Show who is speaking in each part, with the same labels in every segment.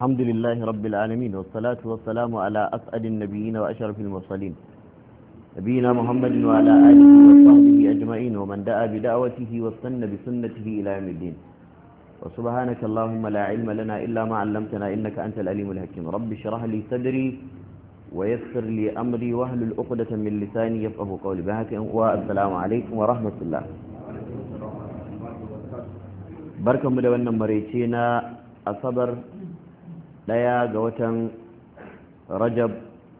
Speaker 1: الحمد لله رب العالمين والصلاة والسلام على أسعد النبيين وأشرف المرسلين نبينا محمد وعلى آله وصحبه أجمعين ومن دعا بدعوته واستنى بسنته إلى يوم الدين وسبحانك اللهم لا علم لنا إلا ما علمتنا إنك أنت الأليم الحكيم رب اشرح لي صدري ويسر لي أمري وهل الأقدة من لساني يفقه قولي بهك والسلام عليكم ورحمة الله بركة مدونة مريتينا أصبر ɗaya ga watan rajab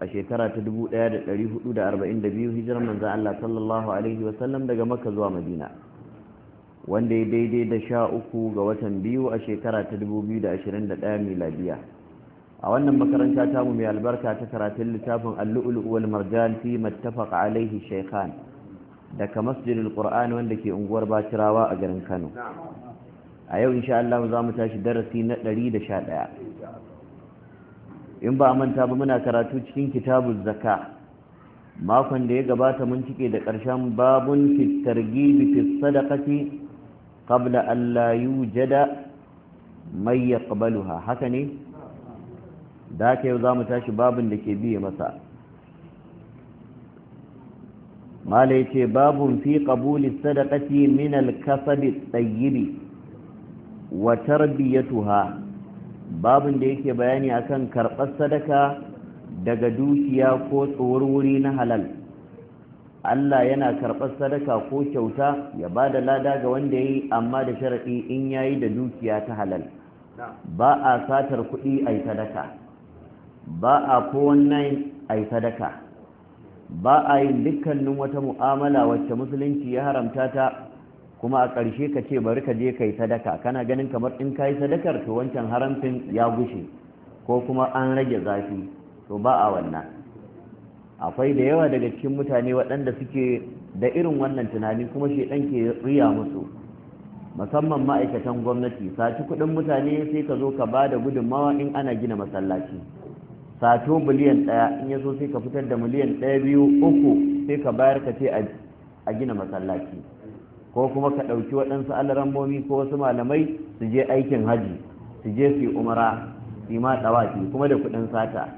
Speaker 1: a shekara ta 1442 hijirar manzo Allah sallallahu alaihi wasallam daga maka zuwa madina wanda ya daidai da sha uku ga watan biyu a shekara ta 2021 miladiya a wannan makaranta tamu mai albarka ta karatun littafin allu'ulu wal marjan fi mattafaqa alaihi shaykhan daga masjidin qur'an wanda ke unguwar bacirawa a garin kano a yau insha Allah za mu tashi darasi na 111 in ba manta ba muna karatu cikin kitabun zaka makon da ya gabata mun cike da ƙarshen babun fitargibi fi sadaqati qabla an jada mai ya yaqbaluha haka ne da haka yau mu tashi babun da ke biye masa mala ce babun fi ƙabuli sadakati min al da at wa wa ha babin da yake bayani akan karɓar sadaka daga dukiya ko wuri na halal Allah yana karɓar sadaka ko kyauta ya ba da lada ga wanda ya yi amma da sharaɗi in ya yi da dukiya ta halal ba a satar kuɗi a yi sadaka ba a kowannan a yi sadaka ba a yin dukkanin wata mu'amala wacce musulunci ya haramta ta kuma a ƙarshe ka ce bari ka je ka yi sadaka kana ganin kamar in ka yi sadakar to wancan haramcin ya gushe ko kuma an rage zafi to ba a wannan akwai da yawa daga cikin mutane waɗanda suke da irin wannan tunani kuma shi ɗan ke riya musu musamman ma'aikatan gwamnati saci kuɗin mutane sai ka zo ka ba da gudunmawa in ana gina masallaci sato miliyan ɗaya in ya sai ka fitar da miliyan ɗaya biyu uku sai ka bayar ka ce a gina masallaci ko kuma ka ɗauki waɗansu alarambomi ko wasu malamai su je aikin hajji su je su yi umara su ma tsawafi kuma da kuɗin sata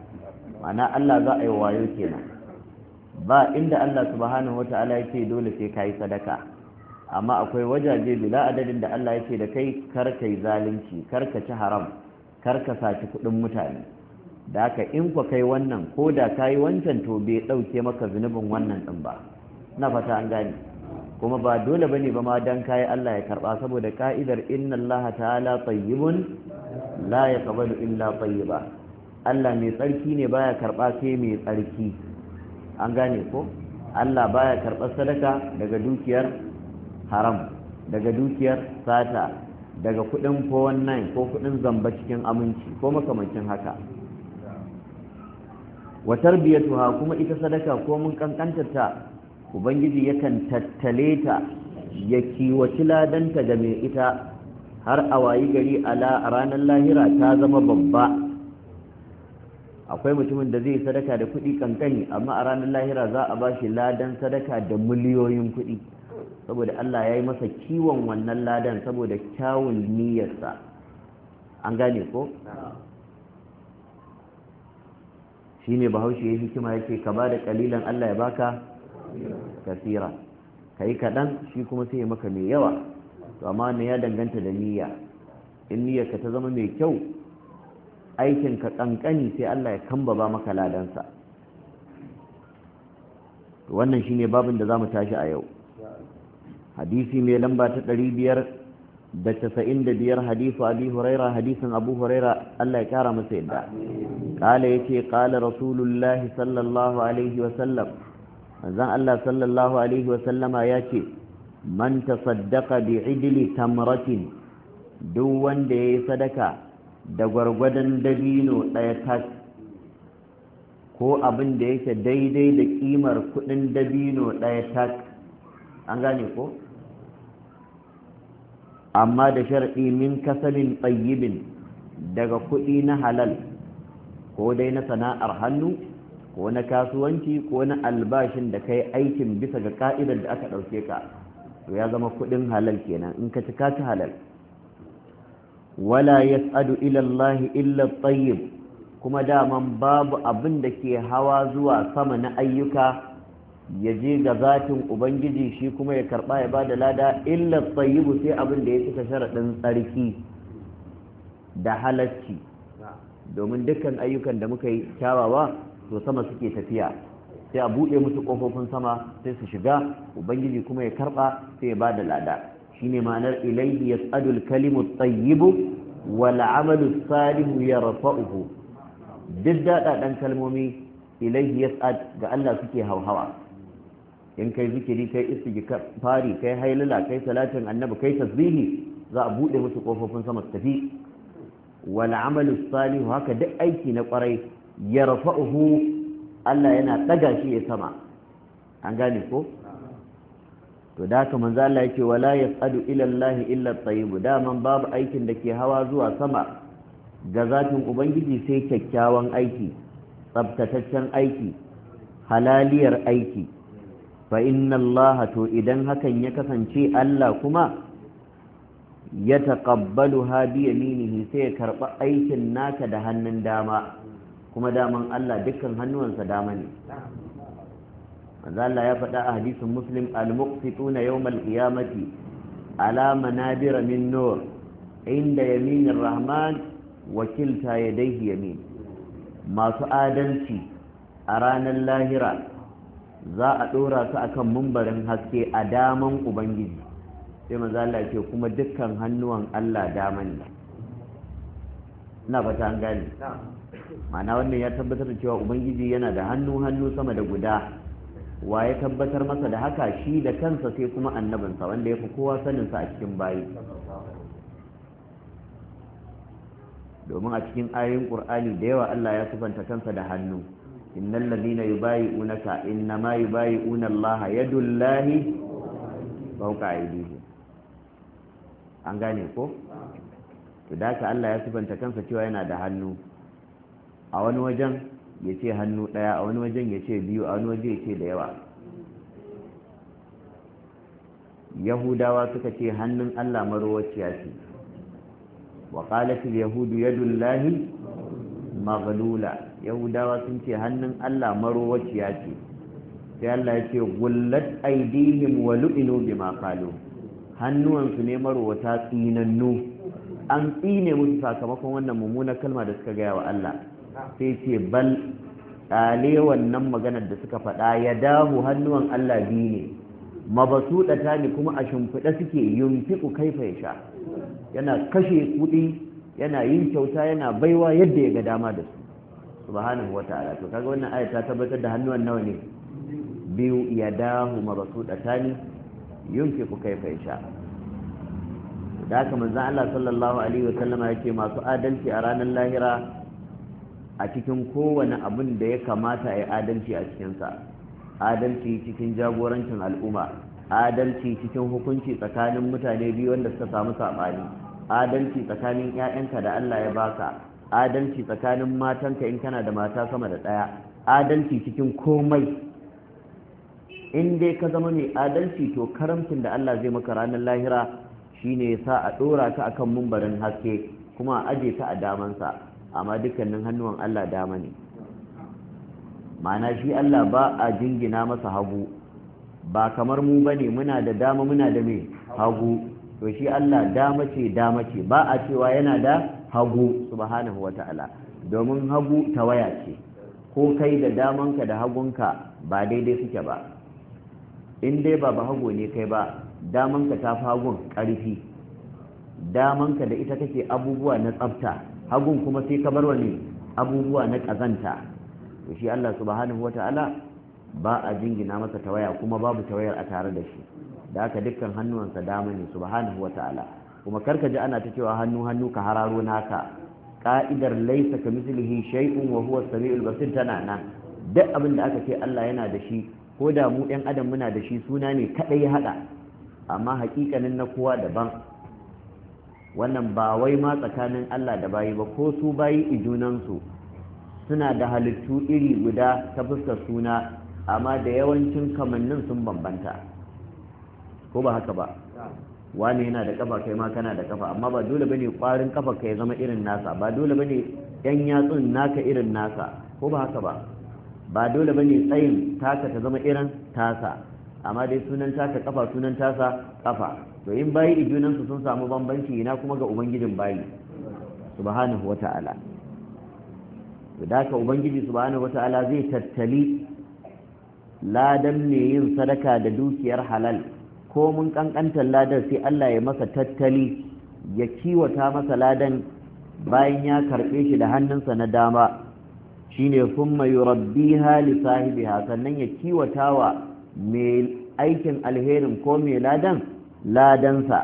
Speaker 1: ma'ana Allah za a yi wayo kenan ba inda Allah subhanahu wata'ala ya ce dole sai ka yi sadaka amma akwai wajaje bila adadin da Allah ya ce da kai kar ka yi zalunci kar ka ci haram kar ka saci kuɗin mutane da haka in ku kai wannan ko da ka yi wancan to bai ɗauke maka zunubin wannan ɗin ba na fata an gane kuma ba dole bane ba ma dan kai Allah ya karba saboda ka'idar inna Allah ta'ala tayyibun la yaqbalu illa tayyiba Allah mai tsarki ne baya karba sai mai tsarki an gane ko Allah baya karɓar sadaka daga dukiyar haram daga dukiyar sata daga kuɗin 419 ko kuɗin zamba cikin aminci ko makamancin haka wa tarbiyatuha kuma ita sadaka ko mun kankantar ubangiji yakan tattale ta ya kiwaci ladanta ga mai ita har a wayi gari a ranar lahira ta zama babba akwai mutumin da zai sadaka da kuɗi kankani amma a ranar lahira za a ba shi ladan sadaka da miliyoyin kuɗi saboda Allah ya yi masa kiwon wannan ladan saboda kyawun niyyarsa an gane ko? shi ne bahaushe ya hikima ya ce ka ba da ƙalilan Allah ya baka kasira kai kaɗan shi kuma sai ya maka mai yawa to amma ne ya danganta da niyya in ka ta zama mai kyau aikinka ƙanƙani sai Allah ya kamba ba maka ladansa to wannan shine babin da zamu tashi a yau hadisi mai lamba ta ɗari biyar da casa'in da biyar hadisu abi huraira hadisan abu huraira Allah ya kara masa yadda ƙala ya ce ƙala rasulullahi sallallahu alaihi wasallam wanzan Allah sallallahu alaihi wa sallama ya ce man saddaka bi idili tamratin duk wanda ya yi sadaka da gwargwadon dabino ɗaya tas ko abin da yake daidai da ƙimar kuɗin dabino ɗaya tak an gane ko amma da shar'i min kasalin tsayibin daga kudi na halal ko dai na sana'ar hannu ko na kasuwanci ko na albashin da kai aikin bisa ga ka'idar da aka ɗauke ka to ya zama kuɗin halal kenan in ka ci ka ci halal wala yas'adu ila Allah illa tayyib kuma daman babu abin da ke hawa zuwa sama na ayyuka ya je ga zatin ubangiji shi kuma ya karba ya bada lada illa tsayibu sai abin da ya cika sharaɗin tsarki da halarci domin dukkan ayyukan da muka yi kyawawa to sama suke tafiya sai a buɗe musu ƙofofin sama sai su shiga ubangiji kuma ya karɓa sai ya ba da lada shine ma'anar ilaihi yas'adu al-kalimu at-tayyibu wal 'amalu as-salihu duk daɗa kalmomi ilaihi yas'ad ga Allah suke hauhawa in kai zikiri kai fari kai hailala kai salatin annabi kai tasbihi za a buɗe musu ƙofofin sama su tafi wal 'amalu salihu haka duk aiki na ƙwarai uhu Allah yana daga shi ya sama an gane ko to da haka manzo Allah yake wala ya tsadu Allah illa at daman babu aikin da ke hawa zuwa sama ga zafin ubangiji sai kyakkyawan aiki tsabtataccen aiki halaliyar aiki fa inna Allah to idan hakan ya kasance Allah kuma ya taƙabbalu ha bi sai ya karɓi aikin naka da hannun dama kuma daman Allah dukkan hannuwansa dama ne manzo Allah ya faɗa a hadisin Muslim al-muqsituna yawmal qiyamati ala manabira min nur inda yaminir rahman wa ya yadayhi yamin masu adalci a ranar lahira za a ɗora su a kan mumbarin haske a daman ubangiji sai maza Allah ce kuma dukkan hannuwan Allah dama ne na fata an gani ma'ana wannan ya tabbatar da cewa ubangiji yana da hannu hannu sama da guda wa ya tabbatar masa da haka shi da kansa sai kuma annabinsa wanda ya fi kowa saninsa a cikin bayi domin a cikin ayoyin qur'ani da yawa Allah ya sifanta kansa da hannu innal ladina yubayi'unaka innama yubayi'una Allah ba fawqa aydihim an gane ko to da Allah ya sifanta kansa cewa yana da hannu a wani wajen ya ce hannu ɗaya a wani wajen ya ce biyu a wani waje ya ce da yawa yahudawa suka ce hannun allah marowaciya ce wa ƙalatul yahudu yadullahi Maglula, yahudawa sun ce hannun allah marowaciya ce sai allah ya ce gullat aidihim wa lu'inu bima qalu hannuwansu ne marowata tsinannu an tsine musu sakamakon wannan mummunar kalma da suka gaya wa allah sai ce bal ɗale wannan maganar da suka faɗa ya dahu hannuwan Allah biyu ne mabasuɗata ne kuma a shimfiɗa suke yunfiku kaifa ya sha yana kashe kuɗi yana yin kyauta yana baiwa yadda ya ga dama da su subhanahu wa ta'ala to kaga wannan aya ta tabbatar da hannuwan nawa ne biyu yadahu mabsutatani kaifa ya sha. da haka manzan Allah sallallahu alaihi wa sallama yake masu adalci a ranar lahira a cikin kowane abin da ya kamata a yi adalci a cikinsa adalci cikin jagorancin al'umma adalci cikin hukunci tsakanin mutane biyu wanda suka samu saɓani adalci tsakanin 'ya'yanka da allah ya baka adalci tsakanin matanka in kana da mata sama da ɗaya adalci cikin komai in dai ka zama mai adalci to karamcin da allah zai maka ranar lahira shine ya sa a ɗora ka akan mumbarin haske kuma a aje ta a damansa amma dukkanin hannuwan Allah dama ne ma'ana shi Allah ba a jingina masa hagu ba kamar mu bane muna da dama muna da mai hagu to shi Allah dama ce dama ce ba a cewa yana da hagu subhanahu wata'ala domin hagu ta waya ce ko kai da damanka da hagunka ba daidai suke ba in dai ba ba hago ne kai ba damanka ta fi hagun ƙarfi damanka da ita take abubuwa na tsafta hagun kuma sai ka bar wani abubuwa na kazanta to shi Allah subhanahu wata'ala ba a jingina masa tawaya kuma babu tawayar a tare da shi da haka dukkan hannuwansa dama ne subhanahu wata'ala kuma karka ji ana ta cewa hannu hannu ka hararo naka ka'idar laisa ka mislihi shay'un wa huwa samiul basir tana nan duk abin da aka ce Allah yana da shi ko da mu ɗan adam muna da shi suna ne kaɗai ya haɗa amma haƙiƙanin na kowa daban wannan ba wai ma tsakanin Allah da bayi ba ko su bayi ijunansu suna da halittu iri guda ta fuskar suna amma da yawancin kamannin sun bambanta ko ba haka ba wani yana da kafa kai ma kana da kafa amma ba dole bane kwarin kafa kai zama irin nasa ba dole bane yan yatsun naka irin nasa ko ba haka ba ba dole bane tsayin taka ta zama irin tasa amma dai sunan taka kafa sunan tasa kafa to in bayi ijunan su sun samu bambanci ina kuma ga ubangijin bayi subhanahu wata'ala to da ka ubangiji subhanahu wata'ala zai tattali ladan ne yin sadaka da dukiyar halal ko mun kankantar ladan sai Allah ya masa tattali ya kiwata masa ladan bayan ya karɓe shi da hannunsa na dama shine summa yurabbiha li sahibiha sannan ya kiwatawa mai aikin alherin ko mai ladan ladansa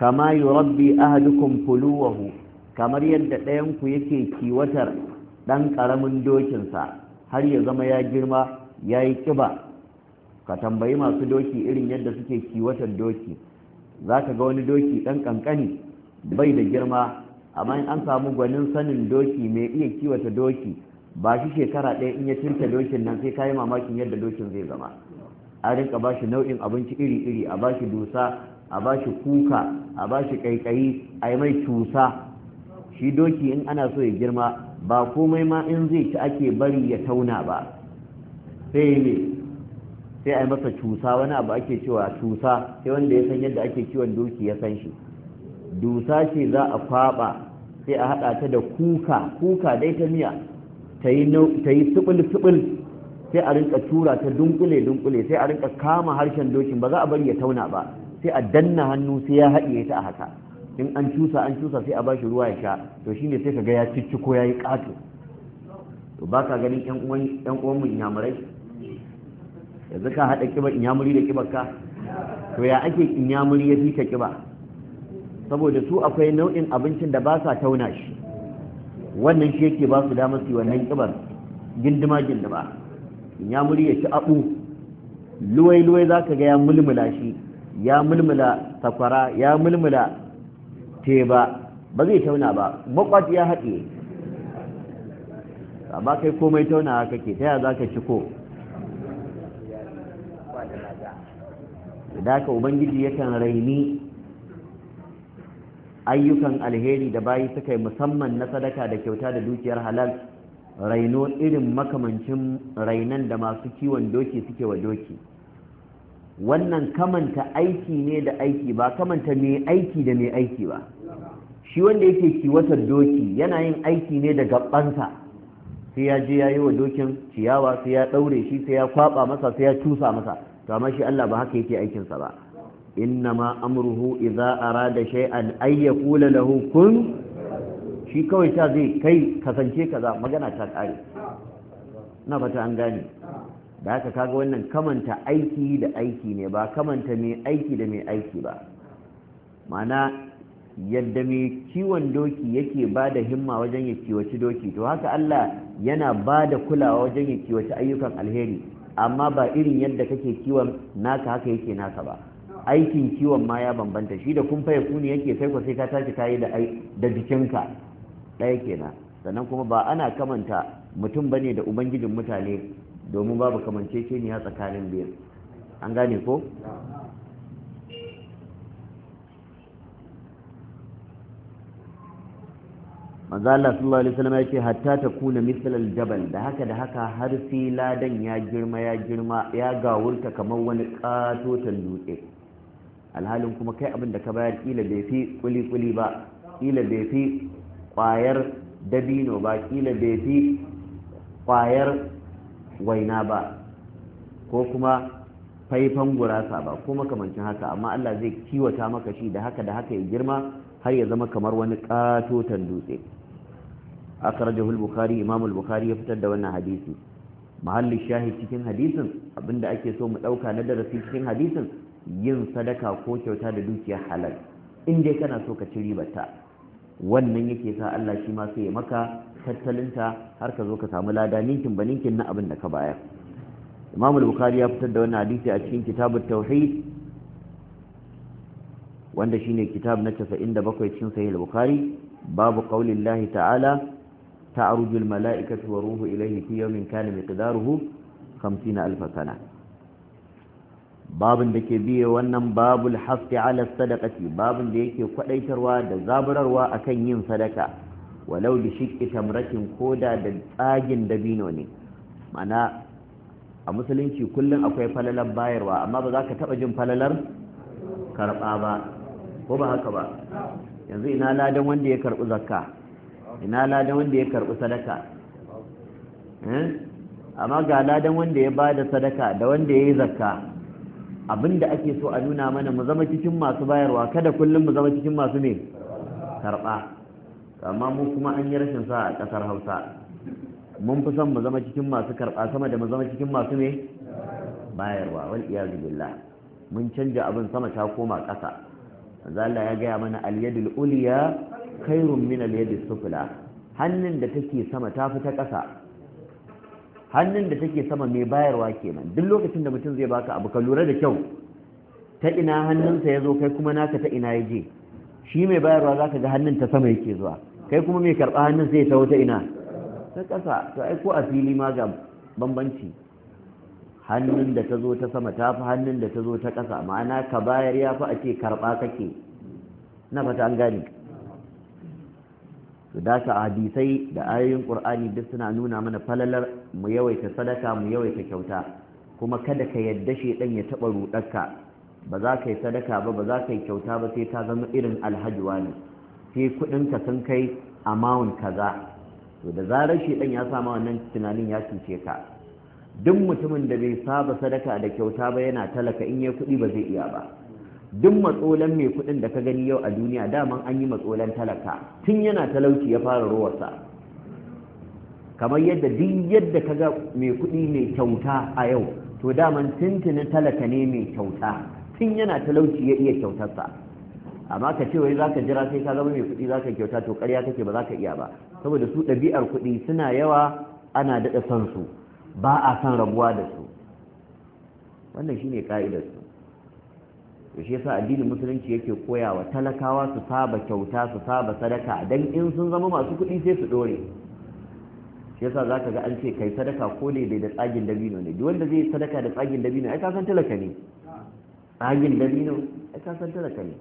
Speaker 1: kama yi rabbi ahadukum fuluwahu kamar yadda ɗayanku yake kiwatar ɗan ƙaramin dokinsa har ya zama ya girma ya yi ƙiba ka tambayi masu doki irin yadda suke kiwatar doki za ka ga wani doki ɗan ƙanƙani bai da girma amma in an samu gwanin sanin doki mai iya kiwata doki ba shi shekara ɗaya in ya cinta dokin nan sai ka yi mamakin yadda dokin zai zama a rinka shi nau'in abinci iri-iri a ba shi dusa a ba shi kuka a ba shi kaikayi a yi mai cusa shi doki in ana so ya girma ba komai ma in zai ci ake bari ya tauna ba sai ne sai a yi masa cusa wani abu ake cewa cusa sai wanda ya san yadda ake kiwon doki ya san shi dusa ce za a kwaba sai a haɗa ta da kuka kuka dai ta miya ta yi siɓil-siɓil sai a rinka tura ta dunkule dunkule sai a rinka kama harshen dokin ba za a bari ya tauna ba sai a danna hannu sai ya haɗiye ta a haka in an cusa an cusa sai a bashi ruwa ya sha to shine sai ka ga ya cicciko yayi ƙato to ba ka ganin yan uwan yan uwan mu inyamurai yanzu ka haɗa kiba inyamuri da kibar ka to ya ake inyamuri ya fita kiba saboda su akwai nau'in abincin da ba sa tauna shi wannan shi yake ba su damar su wannan kibar gindima gindima ya murya shi abu luwai-luwai za ka ga ya mulmula shi ya mulmula sakwara ya mulmula teba ba zai tauna ba makwat ya haɗe amma kai komai tauna ke ta za ka ciko da haka ubangiji yakan raini ayyukan alheri da bayi suka yi musamman na sadaka da kyauta da dukiyar halal raino irin makamancin rainan da masu kiwon doki suke wa doki wannan kamanta aiki ne da aiki ba kamanta mai aiki da mai aiki ba shi wanda yake kiwatar doki yana yin aiki ne da gabansa sai ya je ya yi wa dokin ciyawa sai ya ɗaure shi sai ya kwaba masa sai ya cusa masa to amma shi Allah ba haka yake aikinsa ba innama amruhu idza arada shay'an ay yaqula lahu kun shi kawai sha zai kai kasance kaza magana ta kare na fata an gane da haka kaga wannan kamanta aiki da aiki ne ba kamanta mai aiki da mai aiki ba mana yadda mai kiwon doki yake ba da himma wajen ya kiwaci doki to haka Allah yana ba da kulawa wajen ya kiwaci ayyukan alheri amma ba irin yadda kake kiwon naka haka yake naka ba aikin kiwon ma ya bambanta shi da kun faye kuni yake kai ko sai ka tashi kayi da jikinka ɗaya kenan sannan kuma ba ana kamanta mutum bane da ubangijin mutane domin babu kamanceceniya tsakanin biyu an gane ko manzo Allah sallallahu alaihi wasallam ce hatta ta kuna mithlal jabal da haka da haka har sai ladan ya girma ya girma ya gawurta kamar wani katotan dutse alhalin kuma kai abinda da ka bayar kila bai fi kuli kuli ba kila bai fi kwayar dabino ba kila bai fi ƙwayar waina ba ko kuma faifan gurasa ba ko makamancin haka amma Allah zai kiwata maka shi da haka da haka ya girma har ya zama kamar wani katotan dutse akarajahul al-bukhari bukari ya fitar da wannan hadisi mahalli shahid cikin hadisin abinda ake so mu ɗauka na darasi cikin hadisin yin sadaka ko kyauta da dukiyar halal in dai kana so ka ci ribarta wannan yake sa Allah shi ma sai ya maka tattalinta har ka zo ka samu lada ninkin ba ninkin na abin da ka bayar Imam al-Bukhari ya fitar da wannan hadisi a cikin kitabut tauhid wanda shine kitab na 97 cikin sahih al-Bukhari babu qaulillahi ta'ala ta'ruju al-mala'ikatu wa ruhu ilayhi fi yawmin kana miqdaruhu 50000 sana babin da ke biye wannan babul haske ala sadaqati babin da yake kwadaitarwa da zaburarwa akan yin sadaka walau bi shiƙi tamratin koda da tsagin dabino ne mana a musulunci kullum akwai falalar bayarwa amma ba za ka taba jin falalar karba ba ko ba haka ba yanzu ina ladan wanda ya karɓi zakka ina ladan wanda ya karɓi sadaka eh? amma ga ladan wanda ya bada sadaka da wanda ya yi zakka abin da ake so a nuna mana mu zama cikin masu bayarwa kada kullum mu zama cikin masu ne karɓa amma mu kuma an yi rashin sa a ƙasar hausa mun fi son mu zama cikin masu karɓa sama da mu zama cikin masu ne bayarwa wal iyazu billah mun canja abin sama ta koma ƙasa manzo Allah ya gaya mana al yadul uliya khairun min al yadis sufla hannun da take sama ta fi ta ƙasa hannun da take sama mai bayarwa kenan duk lokacin da mutum zai baka abu ka lura da kyau ta ina hannunsa ya zo kai kuma naka ta ina ya je shi mai bayarwa za ka ga hannun ta sama yake zuwa kai kuma mai karɓa hannun sai ta wuta ina ta ƙasa to ai ko a fili ma ga bambanci hannun da ta zo ta sama ta fi hannun da ta zo ta ƙasa ma'ana ka bayar ya fi a ce karɓa kake na fata an gane su dace hadisai da ayoyin ƙur'ani duk suna nuna mana falalar mu yawaita sadaka mu yawaita kyauta kuma kada ka yadda shedan ya taba rudarka ba za ka yi sadaka ba ba za ka yi kyauta ba sai ka zama irin alhaji wani sai kudin ka sun kai amount kaza to da zarar shedan ya sama wannan tunanin ya cuce ka duk mutumin da bai saba sadaka da kyauta ba yana talaka in ya kudi ba zai iya ba duk matsolan mai kuɗin da ka gani yau a duniya daman an yi matsolan talaka tun yana talauci ya fara rowarsa kamar yadda duk yadda ka ga mai kuɗi mai kyauta a yau to daman tuntunin talaka ne mai kyauta tun yana talauci ya iya kyautarsa amma ka ce wai za ka jira sai ka zama mai kuɗi za ka kyauta to ƙarya kake ba za ka iya ba saboda su ɗabi'ar kuɗi suna yawa ana daɗa son su ba a son rabuwa da su wannan shine ƙa'idarsu to shi yasa addinin musulunci yake koyawa talakawa su saba kyauta su saba sadaka dan in sun zama masu kuɗi sai su dore shi yasa zaka ga an ce kai sadaka ko ne bai da tsagin dabino ne duk wanda zai sadaka da tsagin dabino ai ka san talaka ne tsagin dabino ai ka san talaka ne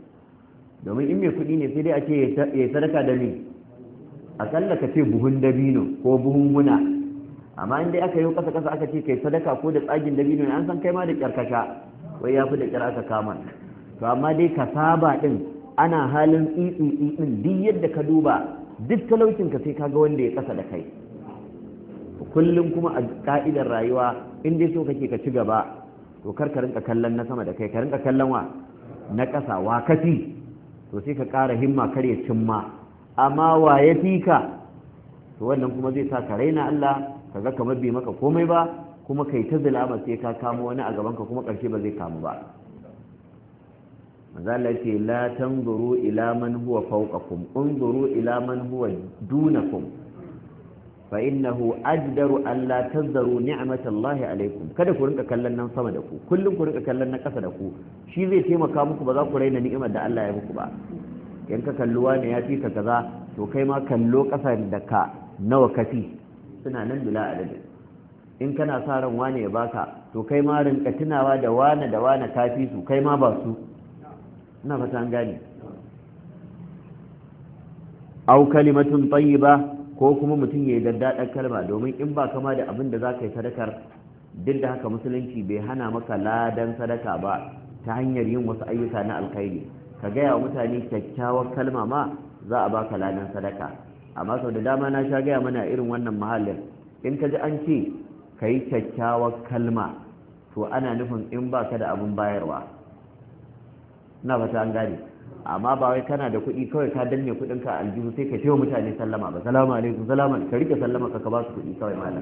Speaker 1: domin in mai kuɗi ne sai dai a ce ya sadaka da me akalla ka ce buhun dabino ko buhun guna amma in dai aka yi kasa kasa aka ce kai sadaka ko da tsagin dabino ne an san kai ma da kyarkasha wai ya fi da kyar aka kama to amma dai ka saba din ana halin tsitsi din duk yadda ka duba duk talaucin ka sai ka ga wanda ya kasa da kai kullum kuma a ka'idar rayuwa in dai so kake ka ci gaba to kar ka rinka kallon na sama da kai ka rinka kallon wa na ƙasa wa kafi to sai ka ƙara himma kar ya cimma amma wa ya fi ka to wannan kuma zai sa ka raina Allah ka ga kamar bai maka komai ba kuma kai ta zulama sai ka kamo wani a gaban ka kuma ƙarshe ba zai kamu ba mazala ce la tanzuru ila man huwa fawqakum unzuru ila man huwa dunakum fa innahu ajdaru an la tazdaru ni'matallahi alaikum kada ku rinka kallon nan sama da ku kullum ku rinka kallon nan ƙasa da ku shi zai taimaka muku ba za ku raina ni'imar da Allah ya muku ba yan ka kalluwa ne ya fi ka kaza to kai ma kallo ƙasa da ka nawa ka fi suna nan bila adadin in kana sa ran wane ya baka to kai ma rinka tunawa da wane da wane ka fi su kai ma ba su ina fata an gane au kalimatun tayyiba ko kuma mutum ya yi daddada kalma domin in ba kama da abin da ka yi sadakar duk da haka musulunci bai hana maka ladan sadaka ba ta hanyar yin wasu ayyuka na alkhairi ka gaya wa mutane kyakkyawar kalma ma za a baka ladan sadaka amma sau da dama na sha gaya mana irin wannan mahallin in ka ji an ce ka yi kyakkyawar kalma to ana nufin in ba ka da abin bayarwa na ba ta an gane amma ba wai kana da kuɗi kawai ka danne kuɗin ka aljihu sai ka ce wa mutane sallama ba salamu alaikum salama ka rike sallama ka ka ba su kuɗi kawai malam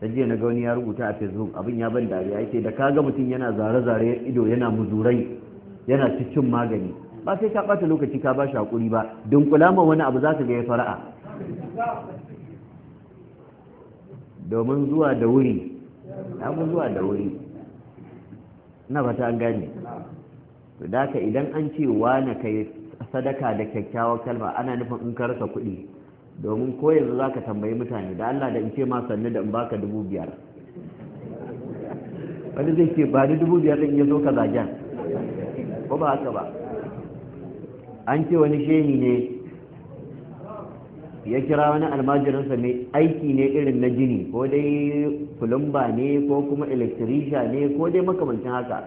Speaker 1: ta jiya na gauni ya rubuta a facebook abin ya ban dariya yake da kaga mutum yana zare-zare ido yana muzurai yana cikin magani ba sai ka ɓata lokaci ka ba shi haƙuri ba dunkula ma wani abu za ka ga ya fara'a domin zuwa da wuri na fata an gane to da ka idan an ce na kai sadaka da kyakkyawar kalma ana nufin in ka rasa kuɗi domin ko yanzu za ka tambayi mutane da Allah da in ce ma sannu da in baka dubu biyar wani zai ce ba ni dubu biyar ɗin ya zo ka zagen ko ba haka ba an ce wani shehi ne ya kira wani almajirinsa mai aiki ne irin na jini ko dai fulumba ne ko kuma elektirisha ne ko dai makamancin haka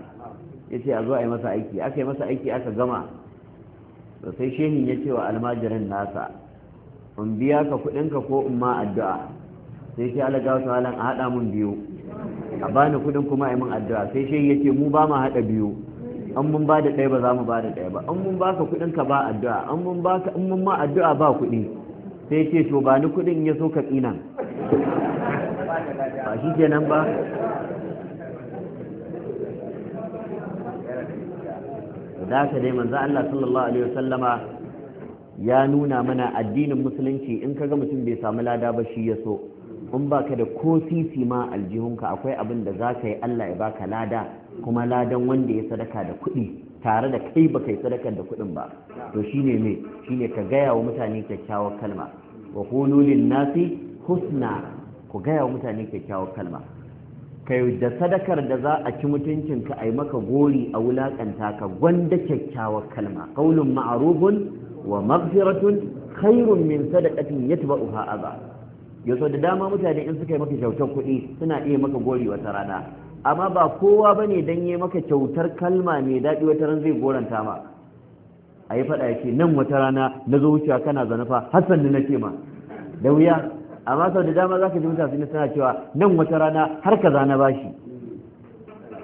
Speaker 1: ya ce a zo a yi masa aiki aka yi masa aiki aka gama sosai sai shehin ya ce wa almajirin nasa in biya ka kudinka ko in ma addu'a sai ce alaga wasu halan a haɗa mun biyu a bani kudin kuma a yi addu'a sai shehin ya ce mu ba mu haɗa biyu an mun ba da ɗaya ba za mu ba da ɗaya ba an mun ba ka kudinka ba addu'a an mun ba ka mun ma addu'a ba kuɗi sai ce to ba ni kudin ya so ka ba
Speaker 2: shi kenan ba da ka dai manzo Allah sallallahu alaihi
Speaker 1: wasallama ya nuna mana addinin musulunci in ka ga mutum bai samu lada ba shi ya so in baka da ko sisi ma aljihunka akwai abin da za ka yi Allah ya baka lada kuma ladan wanda ya sadaka da kuɗi tare da kai ba kai sadakar da kuɗin ba to shine shi shine ka gaya wa mutane kyakkyawar kalma wa qulu lin nasi husna ku gaya wa mutane kyakkyawar kalma kai da sadakar da za a ci mutuncin ka ai maka gori a wulakanta ka gwanda kyakkyawar kalma qaulun ma'rufun wa maghfiratun khairun min sadaqatin yatba'uha aba yaso da dama mutane in suka yi maka kyautar kuɗi suna iya maka gori wata rana amma ba kowa ba ne don yi maka kyautar kalma mai daɗi wata ran zai goranta ma a yi faɗa ya ce nan wata rana na zo wucewa kana zanafa hassan ne na ce ma da wuya amma sau da dama za ka ji mutane suna cewa nan wata rana har ka zana bashi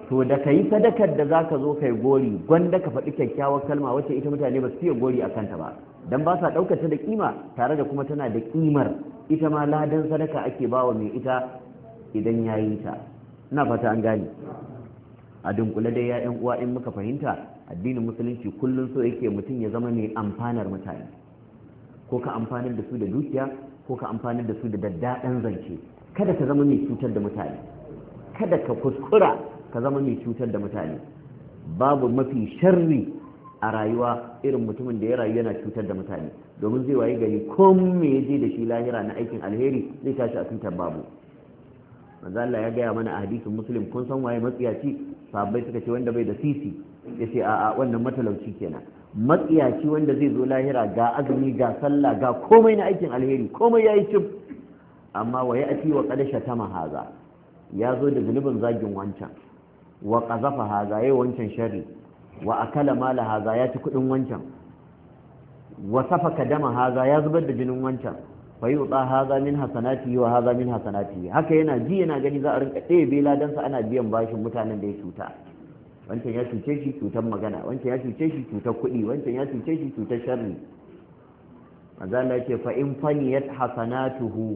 Speaker 1: to da ka yi sadakar da za ka zo kai gori gwanda ka faɗi kyakkyawar kalma wacce ita mutane ba su fiye gori a kanta ba don ba sa ɗaukar ta da ƙima tare da kuma tana da ƙimar ita ma ladan sadaka ake bawa mai ita idan ya yi ta na fata an gane a dunkule dai ya uwa in muka fahimta addinin musulunci kullum so yake mutum ya zama mai amfanar mutane ko ka amfanar da su da dukiya ko ka amfanar da su da daddaɗan zance kada ka zama mai cutar da mutane kada ka kuskura ka zama mai cutar da mutane babu mafi sharri a rayuwa irin mutumin da ya rayu yana cutar da mutane domin zai waye gari ko ya je da shi lahira na aikin alheri zai tashi a cutar babu manzo Allah ya gaya mana a hadisin muslim kun san waye matsiyaci sahabbai suka ce wanda bai da sisi yace a a wannan matalauci kenan matsiyaci wanda zai zo lahira ga azumi ga sallah ga komai na aikin alheri komai yayi cif amma wa ya'ti wa qad ta mahaza ya zo da zunubin zagin wancan wa qazafa haza yayi wancan sharri wa akala mala haza ya ci kudin wancan wa safaka dama haza ya zubar da jinin wancan fa yi yuta hadha min hasanati wa hadha min hasanati haka yana ji yana gani za a rinka ɗebe ladansa ana biyan bashin mutanen da ya cuta wancan ya cuce shi cutar magana wancan ya cuce shi cutar kuɗi wancan ya cuce shi cutar sharri manzo Allah ce fa in faniyat hasanatuhu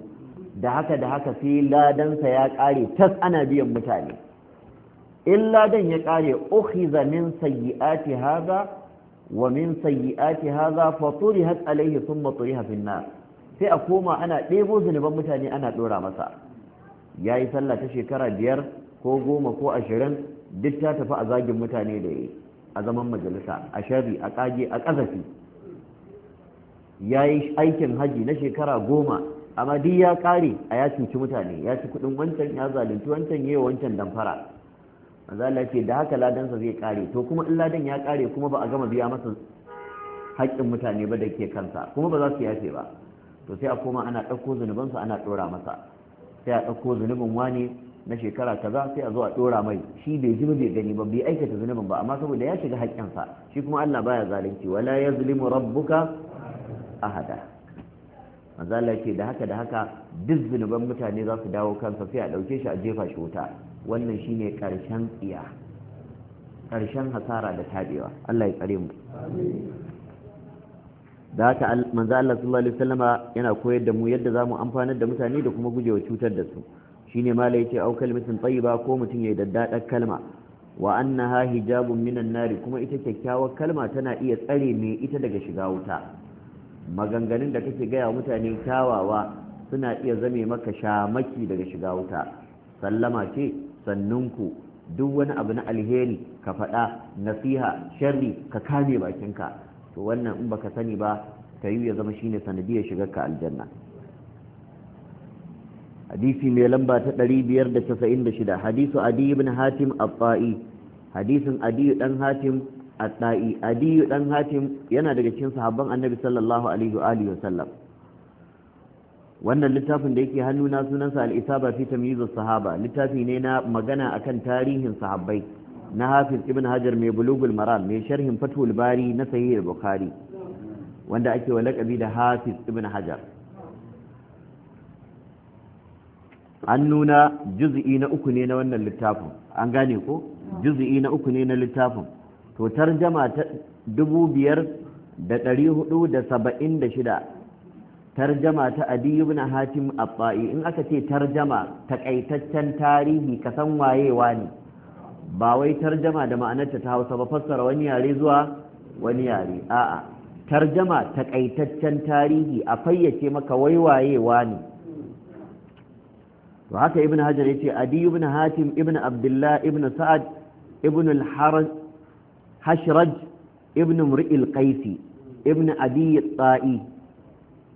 Speaker 1: da haka da haka sai ladansa ya ƙare tas ana biyan mutane in ladan ya ƙare ukhiza min sayyi'ati hadha wa min sayyi'ati hadha fa turihat alayhi thumma turiha fi nar sai a koma ana ɗebo zunuban mutane ana ɗora masa ya yi sallah ta shekara biyar ko goma ko ashirin duk ta tafi a zagin mutane da ya a zaman majalisa a shari a ƙage a ƙazafi ya yi aikin haji na shekara goma amma duk ya ƙare a ya cuci mutane ya ci kuɗin wancan ya zalunci wancan ya yi wancan damfara manzala ce da haka ladansa zai ƙare to kuma in ladan ya ƙare kuma ba a gama biya masa haƙƙin mutane ba da ke kansa kuma ba za su yafe ba to sai a koma ana ɗauko zunubansa ana ɗora masa sai a ɗauko zunubin wani na shekara kaza sai a zo a ɗora mai shi bai ji bai gani ba bai aikata zunubin ba amma saboda ya shiga haƙƙinsa shi kuma Allah baya zalunci wala yazlimu rabbuka ahada manzo Allah yake da haka da haka duk zunuban mutane za su dawo kansa sai a ɗauke shi a jefa shi wuta wannan shine karshen tsiya karshen hasara da tabewa Allah ya tsare mu amin da haka manzo Allah sallallahu alaihi wasallama yana koyar da mu yadda zamu amfanar da mutane da kuma gujewa cutar da su shine malai yace au kalimatin tayyiba ko mutun yayi daddada kalma wa annaha hijabun minan nari kuma ita kyakkyawar kalma tana iya tsare me ita daga shiga wuta maganganun da kake gaya mutane kyawawa suna iya zame maka shamaki daga shiga wuta sallama ce sannunku duk wani abu na alheri ka faɗa nasiha sharri ka kame bakinka to wannan in baka sani ba ta yi ya zama shine sanadiyar shigar ka aljanna hadisi mai lamba ta 596 hadisu adi ibn hatim at-ta'i hadisin adi dan hatim at adi dan hatim yana daga cikin sahabban annabi sallallahu alaihi wa alihi wasallam wannan littafin da yake hannuna sunansa al-isaba fi tamyiz as-sahaba littafi ne na magana akan tarihin sahabbai na hafiz ibn hajar mai bulugul maram mai sharhin fatul bari na sahih bukhari wanda ake wa lakabi da hafiz ibn hajar an nuna juz'i na uku ne na wannan littafin an gane ko juz'i na uku ne na littafin to tarjama ta dubu biyar da ɗari hudu da saba'in da shida tarjama ta adi ibn hatim abba'i in aka ce tarjama takaitaccen tarihi kasan wayewa ne ba wai tarjama da ma'anarta ta hausa ba fassara wani yare zuwa wani yare a'a tarjama takaitaccen tarihi a fayyace maka waiwayewa ne to haka ibn hajar yace adi ibn hatim ibn abdullah ibn sa'ad ibn al hashraj ibn mur'il qaisi ibn adi ta'i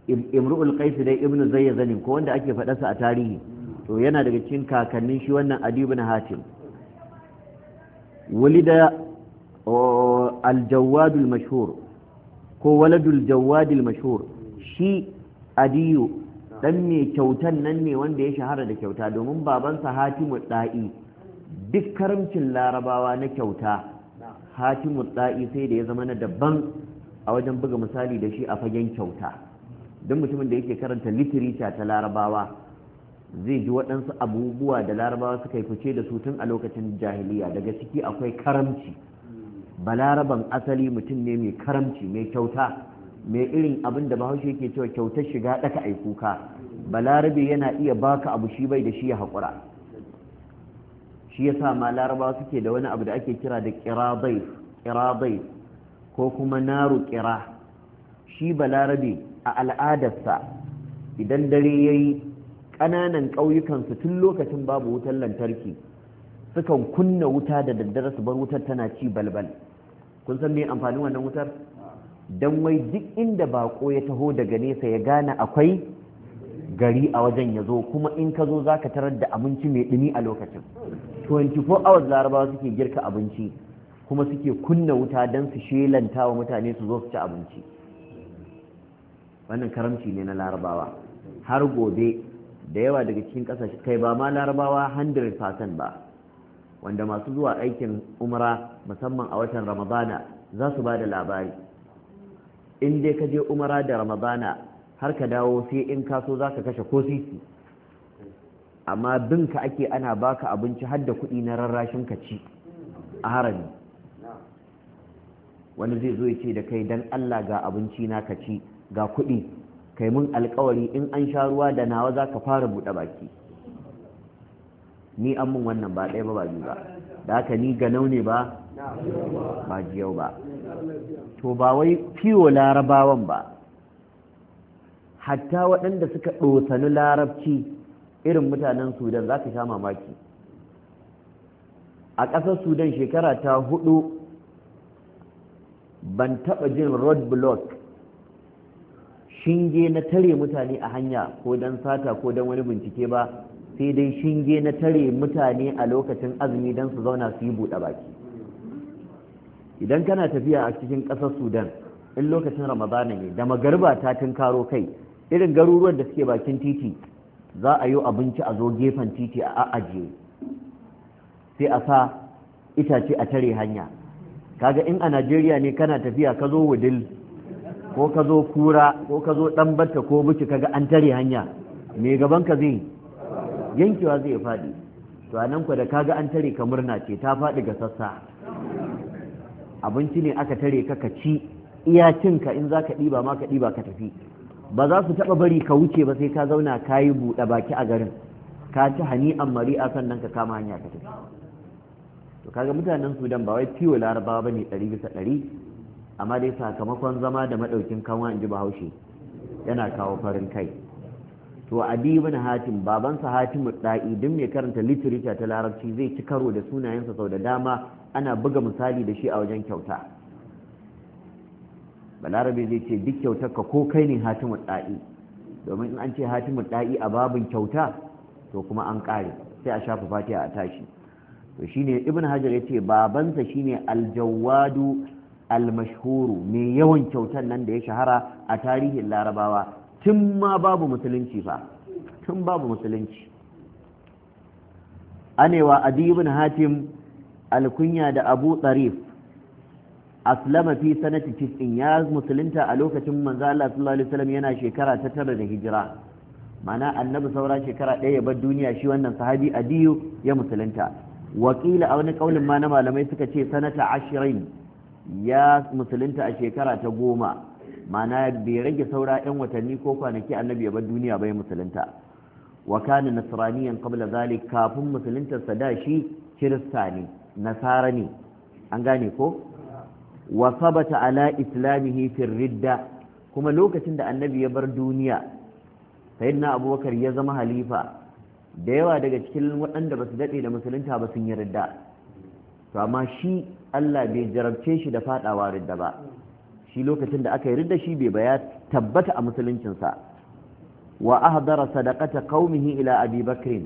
Speaker 1: imru'ul qaisi dai ibn zayyazani ko wanda ake faɗa sa a tarihi to yana daga cikin kakannin shi wannan adi ibn hatim ولد الجواد المشهور ko waladul jawadil mashhur shi adiyu dan mai kyautan nan ne wanda ya shahara da kyauta domin babansa hatimu da'i duk karamcin larabawa na kyauta hatimu da'i sai da ya zama na daban a wajen buga misali da shi a fagen kyauta don mutumin da yake karanta literature ta larabawa zai ji waɗansu abubuwa da larabawa suka yi fice da su tun a lokacin jahiliya daga ciki akwai karamci balaraban asali mutum ne mai karamci mai kyauta mai irin abin da bahaushe yake cewa kyautar shiga ɗaka ai kuka balarabe yana iya baka abu shi bai da shi ya haƙura shi yasa ma larabawa suke da wani abu da ake kira da ƙirabai ko kuma naru ƙira shi balarabe a al'adarsa idan dare ya yi ƙananan ƙauyukansu tun lokacin babu wutar lantarki sukan kunna wuta da daddare su bar wutar tana ci balbal kun san me amfanin wannan wutar dan wai duk inda bako ya taho daga nesa ya gane akwai gari a wajen ya zo kuma in ka zo za ka tarar da abinci mai ɗumi a lokacin 24 hours larabawa suke girka abinci kuma suke kunna wuta don su shelanta wa mutane su zo su ci abinci wannan karamci ne na larabawa har gobe da yawa daga cikin kasashe kai ba ma larabawa 100% ba wanda masu zuwa aikin umra musamman a watan ramadana za su ba da labari in dai ka je umara da ramadana har ka dawo sai in kaso za ka kashe ko sisi amma bin ka ake ana baka abinci har da kuɗi na rarrashin ka ci a harami wani zai zo ya ce da kai dan allah ga abinci na ka ci ga kuɗi kai mun alkawari in an sha ruwa da nawa za ka fara buɗe baki ni an mun wannan ba ɗaya ba ba biyu ba da haka ni ganau ne ba ba jiyau ba to ba wai fiyo larabawan ba hatta waɗanda suka ɗosani larabci irin mutanen sudan za ka sha mamaki a ƙasar sudan shekara ta hudu ban taɓa jin road block shinge na tare mutane a hanya ko don sata ko don wani bincike ba sai dai shinge na tare mutane a lokacin azumi don su zauna su yi buɗe baki idan kana tafiya a cikin ƙasar sudan in lokacin ramadana ne da magarba ta tun karo kai irin garuruwan da suke bakin titi za a yi abinci a zo gefen titi a ajiye sai a sa itace a tare hanya kaga in a najeriya ne kana tafiya ka zo wudil ko ka zo kura ko ka zo dan ko buci kaga an tare hanya mai gaban ka zai yankewa zai faɗi to a ku da kaga an tare ka murna ce ta faɗi ga sassa abinci ne aka tare ka ka ci iya ka in za ka ɗiba ma ka ɗiba ka tafi ba za su taɓa bari ka wuce ba sai ka zauna ka yi buɗe baki a garin ka ci hani'an mari'a sannan ka kama hanya ka tafi to kaga mutanen sudan ba wai ciwo larabawa ba ne ɗari bisa ɗari amma dai sakamakon zama da madaukin kanwa in ji bahaushe yana kawo farin kai to adi ibn hatim babansa hatim da'i duk mai karanta literature ta larabci zai ci karo da sunayensa sau da dama ana buga misali da shi a wajen kyauta balarabe zai ce duk kyautar ka ko kai ne hatim da'i domin in an ce hatim da'i a babin kyauta to kuma an kare sai a shafa fatiha a tashi to shine ibn hajar yace babansa shine aljawadu almashhuru mai yawan kyautar nan da ya shahara a tarihin larabawa tun ma babu musulunci ba tun babu musulunci anewa adibin hatim alkunya da abu tsarif aslama fi sanati tis'in ya musulunta a lokacin manzo Allah sallallahu alaihi wasallam yana shekara ta tara da hijira mana annabi saura shekara ɗaya ya bar duniya shi wannan sahabi adiyu ya musulunta wakila a wani kaulin ma na malamai suka ce sanata ashirin ya musulunta a shekara ta goma mana bai rage saura 'yan watanni ko kwanaki annabi ya bar duniya bai musulunta wa kana nasraniyan qabla zalik kafin musuluntarsa da shi kirista ne nasara ne an gane ko wa sabata ala islamihi fi ridda kuma lokacin da annabi ya bar duniya sayyidina abubakar ya zama halifa da yawa daga cikin waɗanda ba su daɗe da musulunta ba sun yi ridda to amma shi Allah bai jarabce shi da fadawa ridda ba shi lokacin da aka yi ridda shi bai baya tabbata a musuluncinsa wa ahdara sadaqata qaumihi ila abi bakr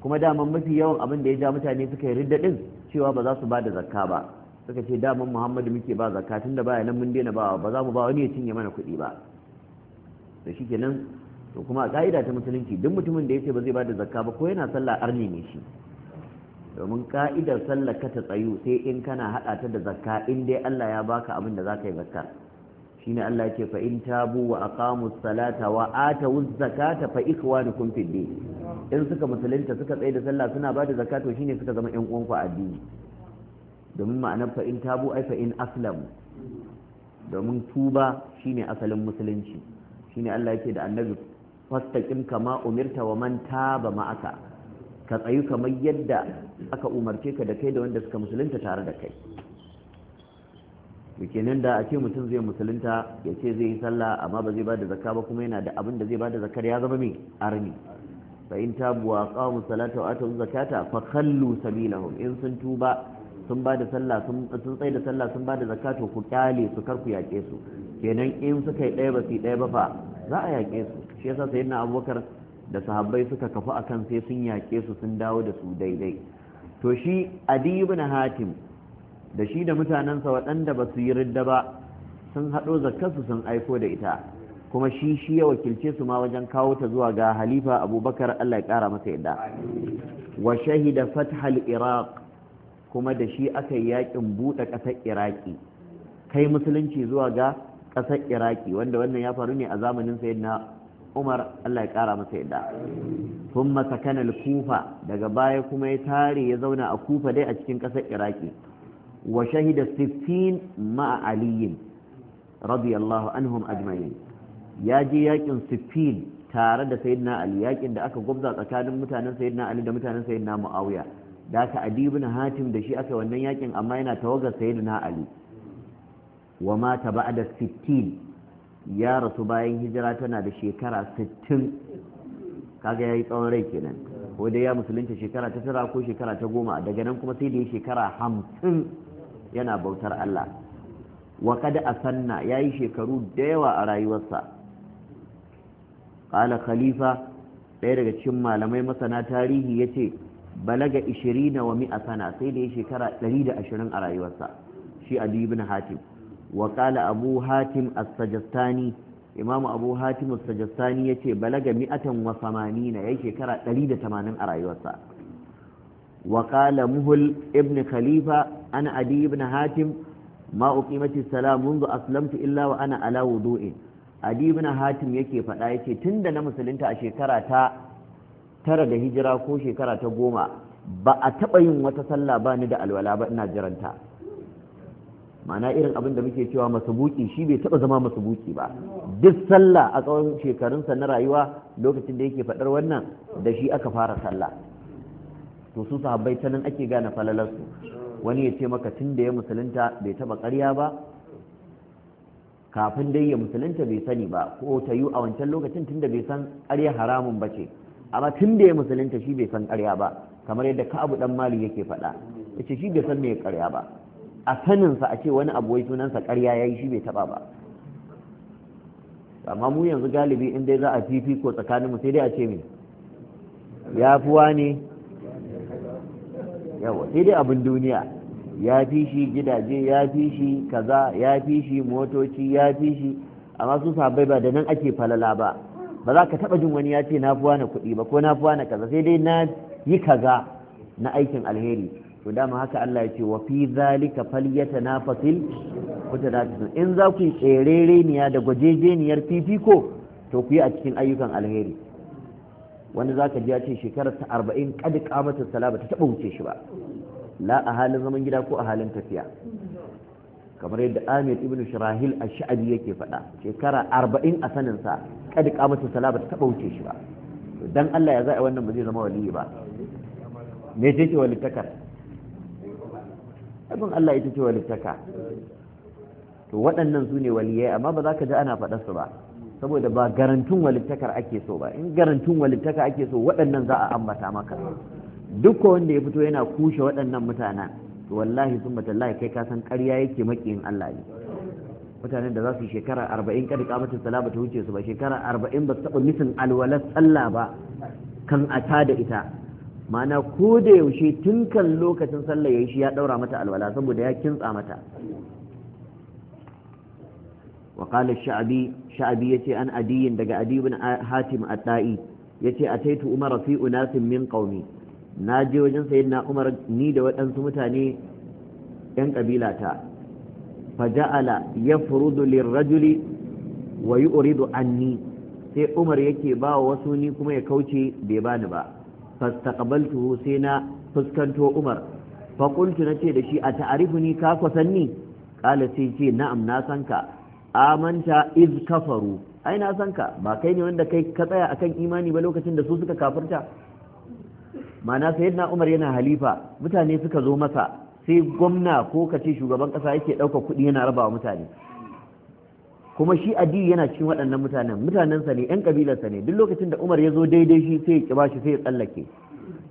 Speaker 1: kuma daman mafi yawan abin da ya ja mutane suka yi ridda din cewa ba za su bada zakka ba suka ce daman Muhammadu muke ba zakka tunda baya nan mun daina ba ba za mu ba wani ya cinye mana kuɗi ba da shikenan to kuma a ka'ida ta musulunci duk mutumin da ya ce ba zai bada zakka ba ko yana sallah arni ne shi domin ka'idar sallar ka ta tsayu sai in kana haɗa ta da zakka in dai Allah ya baka abin da zaka yi zakka shine Allah yake fa in tabu wa aqamu salata wa atu zakata fa ikhwanukum fid din in suka musulunta suka tsaye da sallah suna bada zakka to shine suka zama yan uwanku a addini domin ma'anar fa in tabu ai fa in aslamu domin tuba shine asalin musulunci shine Allah yake da annabi fastaqim kama umirta wa man taba ma'aka ka tsayu kamar yadda aka umarce ka da kai da wanda suka musulunta tare da kai kenan da a ce mutum zai musulunta ya ce zai yi sallah amma ba zai ba da zakka ba kuma yana da abin da zai ba da zakar ya zama mai armi fa in tabu wa qamu salata wa atu zakata fa khallu sabilahum in sun tuba sun ba da sallah sun sun tsaya da sallah sun ba da zakato ku kyale su kar ku yake su kenan in suka yi ɗaya ba su ɗaya ba fa za a yake su shi yasa sayyidina abubakar da sahabbai suka kafu akan sai sun yaƙe su sun dawo da su daidai to shi adibu na hatim da shi da mutanensa waɗanda ba su yi ridda ba sun haɗo zakkarsu sun aiko da ita kuma shi shi ya wakilce su ma wajen kawo ta zuwa ga halifa abubakar allah ya ƙara masa yadda wa shahida fathal iraq kuma da shi aka yi yaƙin buɗe ƙasar iraki kai musulunci zuwa ga ƙasar iraki wanda wannan ya faru ne a zamanin sayyidina umar Allah ya kara masa yadda sun masakana kufa daga baya kuma ya tare ya zauna a kufa dai a cikin ƙasar iraki wa shahida siffin ma'a aliyin radiyallahu anhum ajma'in ya je yakin sifin tare da sayyidina ali yakin da aka gwabza tsakanin mutanen sayyidina ali da mutanen sayyidina muawiya da aka adibin hatim da shi aka wannan yakin amma yana tawagar sayyidina ali wa mata ba'da sittin ya rasu bayan hijira tana da shekara 60 kaga yayi tsawon rai kenan ko dai ya musulunta shekara ta tara ko shekara ta goma daga nan kuma sai da ya shekara 50 yana bautar Allah wa kad asanna yayi shekaru da yawa a rayuwarsa qala khalifa ɗaya daga cikin malamai masana tarihi ya ce, balaga 20 wa mi'a sana sai da ya shekara 120 a rayuwarsa shi adi ibn hatim وقال أبو هاتم السجستاني إمام أبو هاتم السجستاني يتي بلغ مئة وثمانين يشي كرا تليد تمانين أرأي وسا وقال مهل ابن خليفة أنا أدي بن هاتم ما أقيمت الصلاة منذ أسلمت إلا وأنا على وضوء أدي بن هاتم يكي فلا يتي تندن مسلنت أشيكرا تا tara da hijira ko shekara ta goma ba a taɓa yin wata sallah ba ni da alwala ba ina jiranta ma'ana irin abin da muke cewa masabuki shi bai taba zama masabuki ba duk sallah a tsawon shekarunsa na rayuwa lokacin da yake faɗar wannan da shi aka fara sallah to su sahabbai ta nan ake gane falalarsu wani ya ce maka tun da ya musulunta bai taba ƙarya ba kafin dai ya musulunta bai sani ba ko ta yi a wancan lokacin tun da bai san ƙarya haramun ba ce amma tun da ya musulunta shi bai san ƙarya ba kamar yadda ka abu dan mali yake faɗa yace shi bai san me ƙarya ba a saninsa a ce wani abu wai sunansa ƙarya ya yi shi bai taɓa ba amma mu yanzu galibi in dai za a fifiko tsakaninmu sai dai a ce me ya fuwa ne yawa sai dai abin duniya ya fi shi gidaje ya fi shi kaza ya fi shi motoci ya fi shi amma su sabai ba da nan ake falala ba ba za ka taɓa jin wani ya ce na fi na kuɗi ba ko na fuwa na kaza sai dai na yi kaza na aikin alheri to dama haka Allah ya ce wa fi zalika falyatanafasil mutanafisun in za ku yi tserereniya da gwajejeniyar fifiko to ku yi a cikin ayyukan alheri wani za ka ji ya ce shekarar ta arba'in kadi kamata sala ba ta taɓa wuce shi ba la a halin zaman gida ko a halin tafiya kamar yadda amir ibn shirahil a sha'abi yake faɗa shekara arba'in a saninsa kadi kamata sala ba ta taɓa wuce shi ba dan Allah ya za'a wannan ba zai zama waliyi ba me ce walittakar abin Allah ita ce walittaka to waɗannan su ne waliyai amma ba za ka ji ana faɗar su ba saboda ba garantun walittakar ake so ba in garantun walittaka ake so waɗannan za a ambata maka duk wanda ya fito yana kushe waɗannan mutanen to wallahi sun matallahi kai ka san ƙarya yake maƙiyin Allah ne mutanen da za su shekara arba'in kada kamatin sala ta wuce su ba shekara arba'in ba su taɓa misin alwalar sallah ba kan a da ita mana ko da yaushe tun kan lokacin sallah ya shi ya daura mata alwala saboda ya kintsa mata wa qala sha'bi sha'bi yace an adiyin daga adi ibn hatim at-ta'i yace ataitu umar fi unasin min qaumi na je wajen sayyidina umar ni da waɗansu mutane yan kabilata faja'ala yafrudu lirrajuli wa yu'ridu anni sai umar yake ba wasu ni kuma ya kauce bai bani ba fastaqbaltuhu sai na fuskanto Umar fa qultu nace da shi a ta'arifuni ka kwasanni qala sai ce na'am na san ka amanta iz kafaru ai na san ka ba kai ne wanda kai ka tsaya akan imani ba lokacin da su suka kafirta ma'ana na Umar yana halifa mutane suka zo masa sai gwamna ko kace shugaban kasa yake dauka kuɗi yana rabawa mutane kuma shi adi yana cin waɗannan mutanen mutanensa ne yan kabilarsa ne duk lokacin da umar ya zo daidai shi sai ya kiba shi sai ya tsallake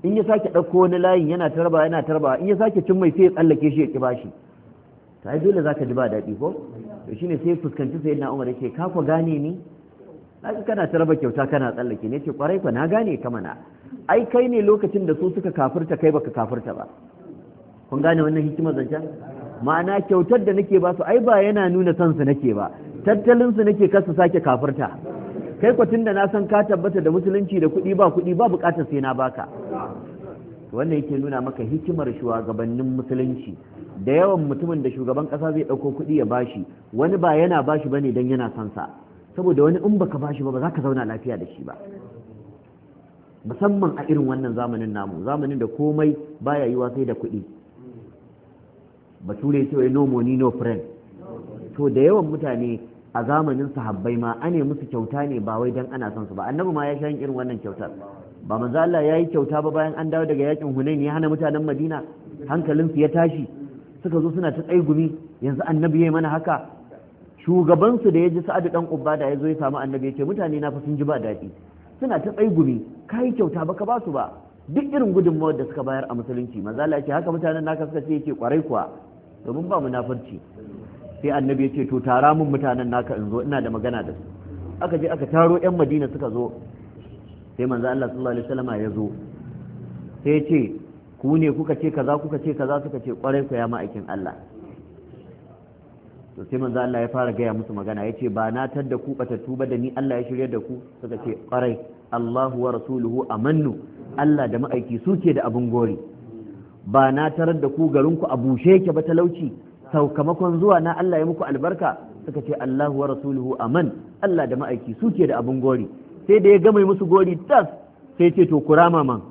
Speaker 1: in ya sake ɗauko wani layin yana tarba yana tarba in ya sake cin mai sai ya tsallake shi ya kiba shi ta yi dole za ka ji ba daɗi ko to shine sai fuskanci sai na umar yake ka ku gane ni haka kana tarba kyauta kana tsallake ne ce kwarai ku na gane ka mana ai kai ne lokacin da su suka kafirta kai baka kafirta ba kun gane wannan hikimar zancen ma'ana kyautar da nake ba su ai ba yana nuna sansu nake ba tattalin su nake kasa sake kafirta kai ko tunda na san ka tabbata da musulunci da kuɗi ba kuɗi ba bukatar sai na baka wannan yake nuna maka hikimar shugabannin musulunci da yawan mutumin da shugaban kasa zai ɗauko kuɗi ya bashi wani ba yana bashi bane dan yana son sa saboda wani in baka bashi ba ba za ka zauna lafiya da shi ba musamman a irin wannan zamanin namu zamanin da komai baya yiwa sai da kuɗi bature sai wai no money no friend to da yawan mutane a zamanin sahabbai ma ane musu kyauta ne ba wai dan ana son su ba annabi ma ya sha irin wannan kyautar ba manzo Allah yayi kyauta ba bayan an dawo daga yakin Hunain ya hana mutanen Madina hankalin su ya tashi suka zo suna ta tsaigumi yanzu annabi yayi mana haka shugaban su da yaji Sa'ad dan da ya zo ya samu annabi yace mutane na fa sun ji ba daɗi suna ta tsaigumi kai kyauta ba ka ba su ba duk irin gudunmawar da suka bayar a musulunci manzo Allah yace haka mutanen naka suka ce yake kwarai kuwa domin ba munafurci sai annabi ya ce to tara mun mutanen naka in zo ina da magana da su aka je aka taro yan madina suka zo sai manzo Allah sallallahu alaihi wasallama ya zo sai ya ce ku ne kuka ce kaza kuka ce kaza suka ce kwarai ku ya ma'aikin Allah to sai manzo Allah ya fara gaya musu magana ya ce ba na tadda ku batattu ba da ni Allah ya shirya da ku suka ce kwarai Allahu wa rasuluhu amannu Allah da ma'aiki suke da abun gori ba na tarar da ku garinku a bushe yake ba talauci saukamakon zuwa na Allah ya muku albarka suka ce Allahu wa rasuluhu aman Allah da ma'aiki suke da abin gori sai da ya gama musu gori tas sai ce to ku rama man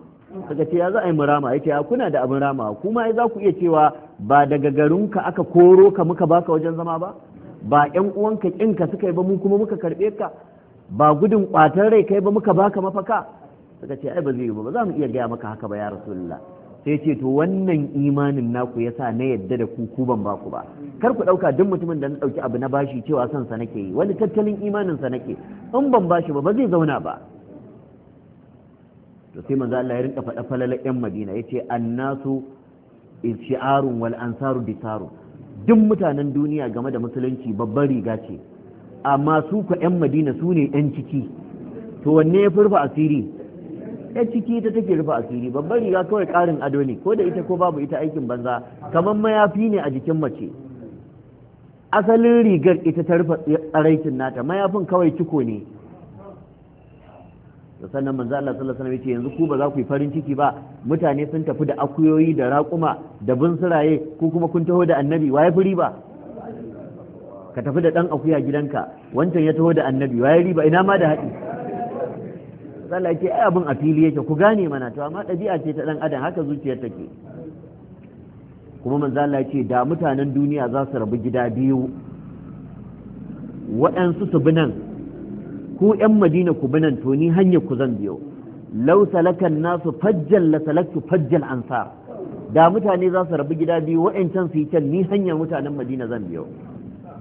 Speaker 1: suka ce ya za a yi murama ya a kuna da abin rama kuma za ku iya cewa ba daga garinka aka koro ka muka baka wajen zama ba ba ƴan uwanka ƙinka suka yi ba mu kuma muka karɓe ka ba gudun ƙwatar rai kai ba muka baka mafaka suka ce ai ba zai yi ba ba za mu iya gaya maka haka ba ya rasulullah sai ce to wannan imanin naku yasa na yadda da ku ku ban baku ba kar ku dauka duk mutumin da na dauki abu na bashi cewa son sa nake yi wani tattalin imanin sa nake in ban bashi ba ba zai zauna ba to sai manzo Allah ya rinka fada falalar yan Madina yace annasu ishi'arun wal ansaru disaru duk mutanen duniya game da musulunci babban riga ce amma su ku yan Madina su ne yan ciki to wanne ya furfa asiri ɗan ciki ita take rufe asiri babbar riga kawai karin ado ne ko da ita ko babu ita aikin banza kamar mayafi ne a jikin mace asalin rigar ita ta rufe tsaraitin nata mayafin kawai ciko ne da sannan manzo Allah sallallahu alaihi wasallam yanzu ku ba za ku yi farin ciki ba mutane sun tafi da akuyoyi da raƙuma da bunsuraye ko kuma kun taho da annabi waye fi ba ka tafi da dan akuya gidanka wancan ya taho da annabi waye riba ina ma da haɗi zala ce ai abin a fili yake ku gane mana to amma ɗabi'a ce ta ɗan adam haka zuciyar take kuma manzo Allah ce da mutanen duniya za su rabu gida biyu waɗansu su bi nan ku ƴan madina ku bi nan to ni hanyar ku zan biyo law salakan nasu fajjal la salaktu fajjal ansar da mutane za su rabu gida biyu waɗancan su yi can ni hanyar mutanen madina zan biyo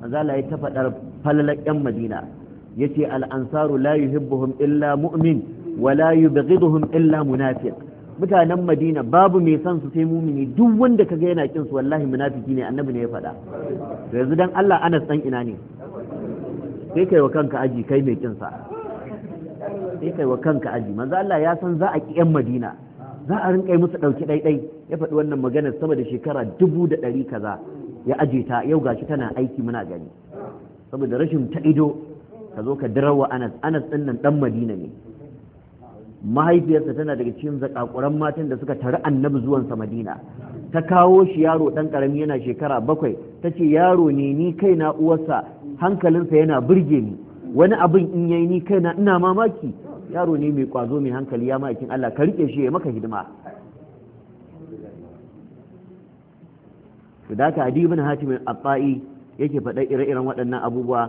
Speaker 1: manzo Allah ya ta faɗar falalar ƴan madina yace al-ansaru la yuhibbuhum illa mu'min wa la yubghiduhum illa munafiq mutanen Madina babu mai san su sai mumini duk wanda kaga yana kin su wallahi munafiki ne annabi ne ya faɗa to yanzu dan Allah Anas dan ina ne sai kai wa kanka aji kai mai kin sa sai kai wa kanka aji manzo Allah ya san za a ki yan Madina za a rinka musu ɗauki ɗaiɗai ya faɗi wannan magana sama da shekara dubu da ɗari kaza ya aje ta yau gashi tana aiki muna gani saboda rashin ta ido ka zo ka dirawa anas anas din nan dan madina ne mahaifiyarsa tana daga cikin zakakuran matan da suka tari annabi zuwan sa madina ta kawo shi yaro dan karami yana shekara bakwai ta ce yaro ne ni kaina uwarsa hankalinsa yana burge ni wani abin in yayi ni kaina ina mamaki yaro ne mai kwazo mai hankali ya ma'aikin Allah ka rike shi ya maka hidima su da ka adi ibn hatim al yake faɗa ire-iren waɗannan abubuwa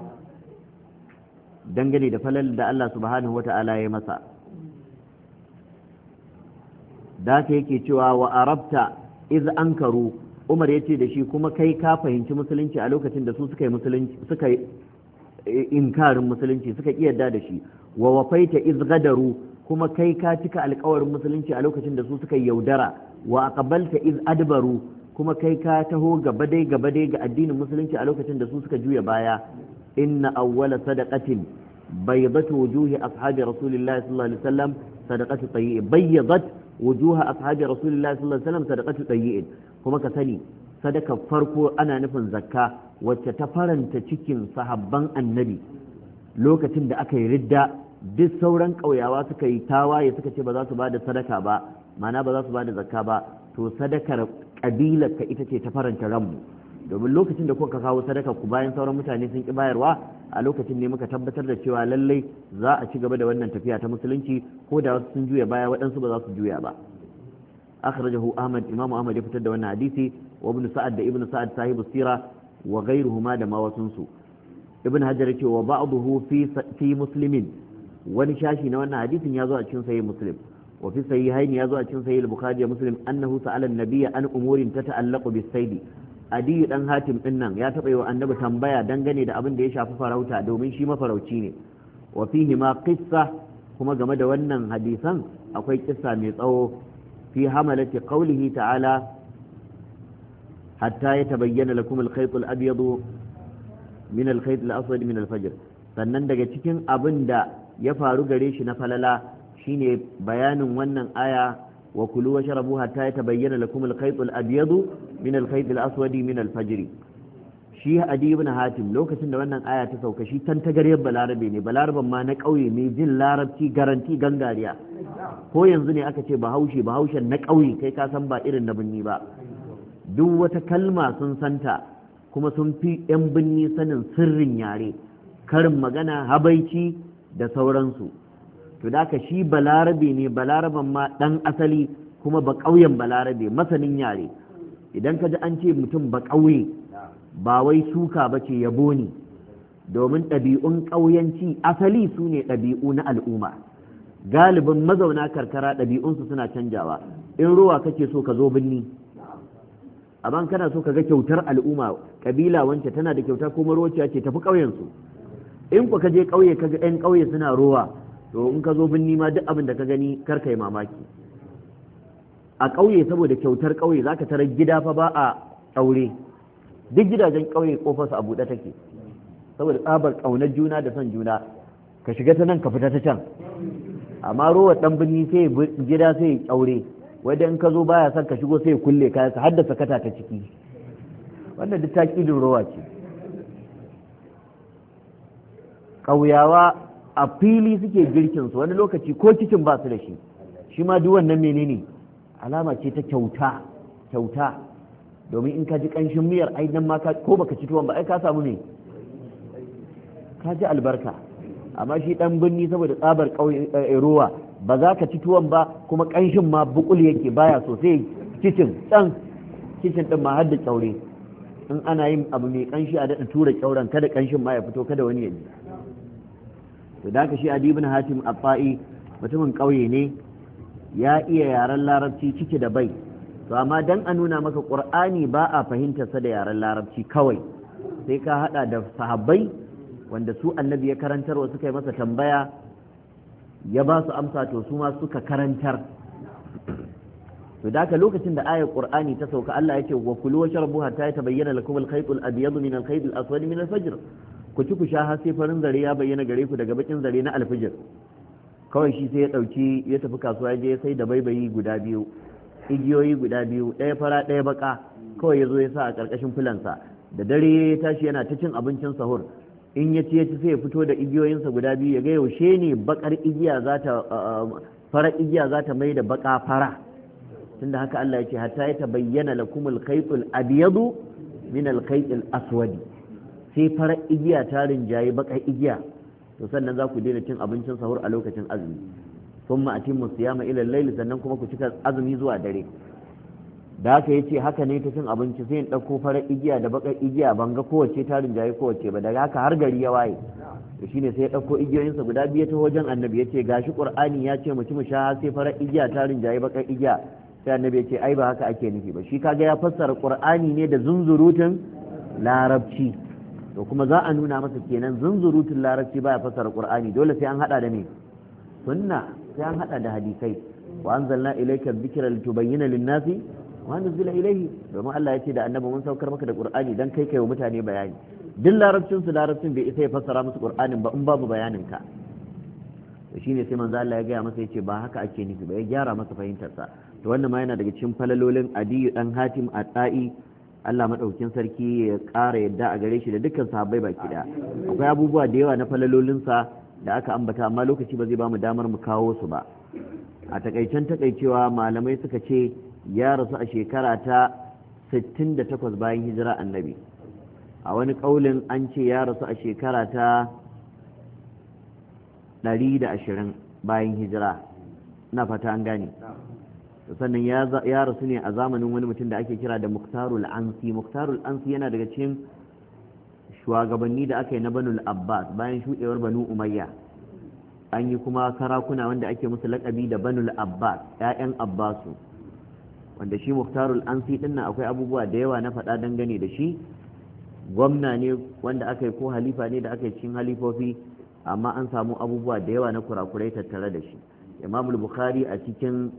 Speaker 1: dangane da falal da Allah subhanahu Ta'ala ya masa da ka yake cewa wa arabta iz ankaru Umar ya ce da shi kuma kai ka fahimci musulunci a lokacin da su suka yi musulunci suka eh, inkarin musulunci suka ki da shi wa wafaita iz gadaru kuma kai ka cika alkawarin musulunci a lokacin da su suka yaudara wa aqbalta iz adbaru kuma kai ka taho gaba dai gaba dai ga addinin musulunci a lokacin da su suka juya baya inna awwala sadaqatin بيضت وجوه أصحاب رسول الله صلى الله عليه وسلم صدقة طيئة بيضت وجوه أصحاب رسول الله صلى الله عليه وسلم صدقة طيئة كما كثني صدقة فرقو أنا نفن زكاة وتتفرن تشكين صحبان النبي لو كتند أكي ردة duk sauran ƙauyawa suka yi tawaye suka ce ba za su ba da sadaka ba mana ba za su ba da zakka ba to sadakar ƙabilar ka ita ce ta faranta ranmu domin lokacin da kuka kawo sadaka ku bayan sauran mutane sun ki bayarwa a lokacin ne muka tabbatar da cewa lallai za a ci gaba da wannan tafiya ta musulunci ko da wasu sun juya baya waɗansu ba za su juya ba akhrajahu ahmad imamu ahmad ya fitar da wannan hadisi wa ibn sa'ad da ibn sa'ad sahibu sira wa ghayruhuma da ma wasunsu ibn hajar yake wa ba'dahu fi fi muslimin wani shashi na wannan hadisin ya zo a cikin sahih muslim wa fi sahihaini ya zo a cikin sahih al-bukhari da muslim annahu sa'ala an an umurin tata'allaqu bis-sayd adiyu dan hatim din nan ya taɓa yi wa annabi tambaya dangane da abin da ya shafi farauta domin shi mafarauci ne wa fihi ma qissa kuma game da wannan hadisan akwai kissa mai tsawo fi hamalati qawlihi ta'ala hatta yatabayyana lakum al-khayt al-abyad min al-khayt al-aswad min al sannan daga cikin abin da ya faru gare shi na falala shine bayanin wannan aya wa kulu wa sharabu hatta tabayyana lakum al-khayt al-abyad min al-khayt al-aswad min al-fajr shi hadi ibn hatim lokacin da wannan aya ta sauka shi tantagaryar balarabe ne balaraban ma na kauye mai jin larabci garanti gangariya ko yanzu ne aka ce bahaushe bahaushen na kauye kai ka san ba irin na binni ba duk wata kalma sun santa kuma sun fi 'yan binni sanin sirrin yare karin magana habaici da sauransu to da ka shi balarabe ne balaraben ma dan asali kuma ba ƙauyen balarabe masanin yare idan ka ji an ce mutum ba ƙauye ba wai suka ba ce yabo ne domin ɗabi'un ƙauyenci asali su ne ɗabi'u na al'umma galibin mazauna karkara ɗabi'unsu suna canjawa in ruwa kake so ka zo birni amma kana so ka ga kyautar al'umma kabila wance tana da kyauta kuma ruwa ce tafi ƙauyensu in ku ka je ƙauye ka ga 'yan ƙauye suna ruwa to in ka zo binni ma duk abin da ka gani kar ka yi mamaki a ƙauye saboda kyautar ƙauye zaka tarar gida fa ba a aure duk gidajen ƙauye kofarsa a buɗe take saboda tsabar ƙaunar juna da son juna ka shiga ta nan ka fita ta can amma rowa ɗan birni sai gida sai aure wadda in ka zo baya son ka shigo sai kulle kaya ka haddasa kata ta ciki wannan duk taƙidin rowa ce ƙauyawa a fili suke girkin su wani lokaci ko kicin ba su da shi shi ma duk wannan menene alama ce ta kyauta kyauta domin in ka ji kanshin miyar ai nan ma ka ko baka ci tuwon ba ai ka samu ne ka ji albarka amma shi dan binni saboda tsabar eh, eh, ruwa ba za ka ci tuwon ba kuma kanshin ma bukul yake baya sosai kicin can kicin din ma har da kyaure in ana yin abu mai kanshi a daɗa tura kyauren kada kanshin ma ya fito kada wani ya ji to da shi adi hatim abba'i mutumin ƙauye ne ya iya yaren larabci ciki da bai to amma dan a nuna maka kur'ani ba a fahimtarsa da yaren larabci kawai sai ka hada da sahabbai wanda su annabi ya karantarwa suka yi masa tambaya ya ba su amsa to su ma suka karantar to da haka lokacin da ayar qur'ani ta sauka Allah ya wa kulu wa sharbu hatta yatabayyana lakum al-khayt al-abyad min al-khayt al-aswad min al-fajr ku ci ku sha har sai farin zare ya bayyana gare ku daga bakin zare na alfijir kawai shi sai ya ɗauki ya tafi kasuwa ya je sai da baibayi guda biyu igiyoyi guda biyu ɗaya fara ɗaya baka kawai ya zo ya sa a ƙarƙashin filansa da dare ya tashi yana ta cin abincin sahur in ya ci ya ci sai ya fito da igiyoyinsa guda biyu ya ga yaushe ne bakar igiya za ta fara igiya za ta mai da baka fara tunda haka Allah ya ce hatta ya tabayyana lakumul khaytul abyadu min al aswadi sai farar igiya ta rinjaye bakar igiya to sannan za ku daina cin abincin sahur a lokacin azumi sun ma'atin musiyama ilal laili sannan kuma ku cika azumi zuwa dare da haka yace ce haka ne ta cin abinci sai in ɗauko farar igiya da bakar igiya ban ga kowace ta rinjaye kowace ba daga haka har gari ya waye to shine sai ya ɗauko igiyoyinsa guda biyu ta wajen annabi ya ce gashi qur'ani ya ce mu sha sai farar igiya ta rinjaye bakar igiya sai annabi ya ce ai ba haka ake nufi ba shi kaga ya fassara qur'ani ne da zunzurutun larabci to kuma za a nuna masa kenan zunzurutun larabci baya fasara qur'ani dole sai an hada da me sunna sai an haɗa da hadisai wa anzalna ilayka dhikra litubayyana lin-nasi ma nuzila ilayhi domin Allah ya ce da annabi mun saukar maka da qur'ani dan kai kai wa mutane bayani duk larabcin su larabcin bai isa ya fasara musu qur'anin ba in babu bayanin ka to shine sai manzo Allah ya gaya masa yace ba haka ake nufi ba ya gyara masa fahimtar sa to wannan ma yana daga cikin falalolin adiyu dan hatim at-ta'i Allah maɗaukin sarki ya ƙara yadda a gare shi da dukkan sahabbai baki da akwai abubuwa da yawa na falalolinsa da aka ambata amma lokaci ba zai ba mu damar mu kawo su ba a takaicen takaicewa malamai suka ce ya rasu a shekara ta 68 bayan hijira annabi a wani kaulin an ce ya rasu a shekara ta 120 bayan hijira na fata an gane sannan ya rasu ne a zamanin wani mutum da ake kira da muktarul ansi muktarul ansi yana daga cikin shugabanni da aka yi na banul abbas bayan shuɗewar banu umayya an yi kuma karakuna wanda ake musu lakabi da banul abbas 'ya'yan abbasu wanda shi muktarul ansi dinnan akwai abubuwa da yawa na faɗa dangane da shi gwamna ne wanda aka yi ko halifa ne da aka yi cikin halifofi amma an samu abubuwa da yawa na kurakurai tattare da shi imamul bukhari a cikin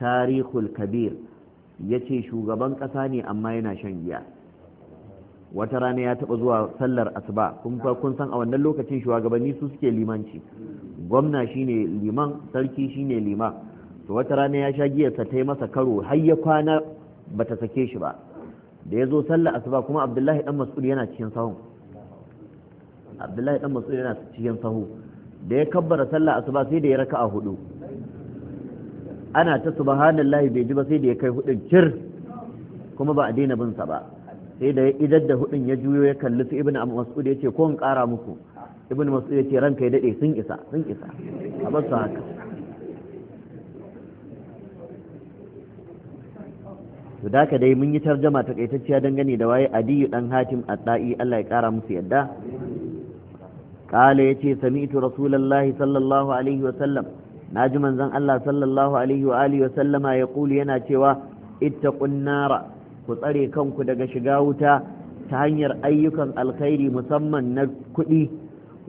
Speaker 1: tarihul kabir ya ce shugaban ƙasa ne amma yana shan giya wata rana ya taba zuwa sallar asuba kuma kun san a wannan lokacin shugabanni su suke limanci gwamna shine liman sarki shine liman to wata rana ya sha giyarsa ta yi masa karo har ya kwana bata sake shi ba da ya zo sallar asuba kuma abdullahi dan mas'ud yana cikin sahu abdullahi dan mas'ud yana cikin sahu da ya kabbara sallar asuba sai da ya raka'a hudu ana ta subhanallahi bai ji ba sai da ya kai hudun cir kuma ba a daina bin sa ba sai da idan da hudun ya juyo ya kalli su ibnu mas'ud yace ko in kara muku ibnu mas'ud yace ranka ya dade sun isa sun isa a ba su haka to da ka dai mun yi tarjama takaitacciya dangane da waye adiyu dan hatim at-da'i Allah ya kara musu yadda قال يتي سمعت رسول الله صلى الله عليه وسلم na ji manzon Allah sallallahu alaihi wa alihi wa sallama ya kulu yana cewa ittaqun nara ku tsare kanku daga shiga wuta ta hanyar ayyukan alkhairi musamman na kuɗi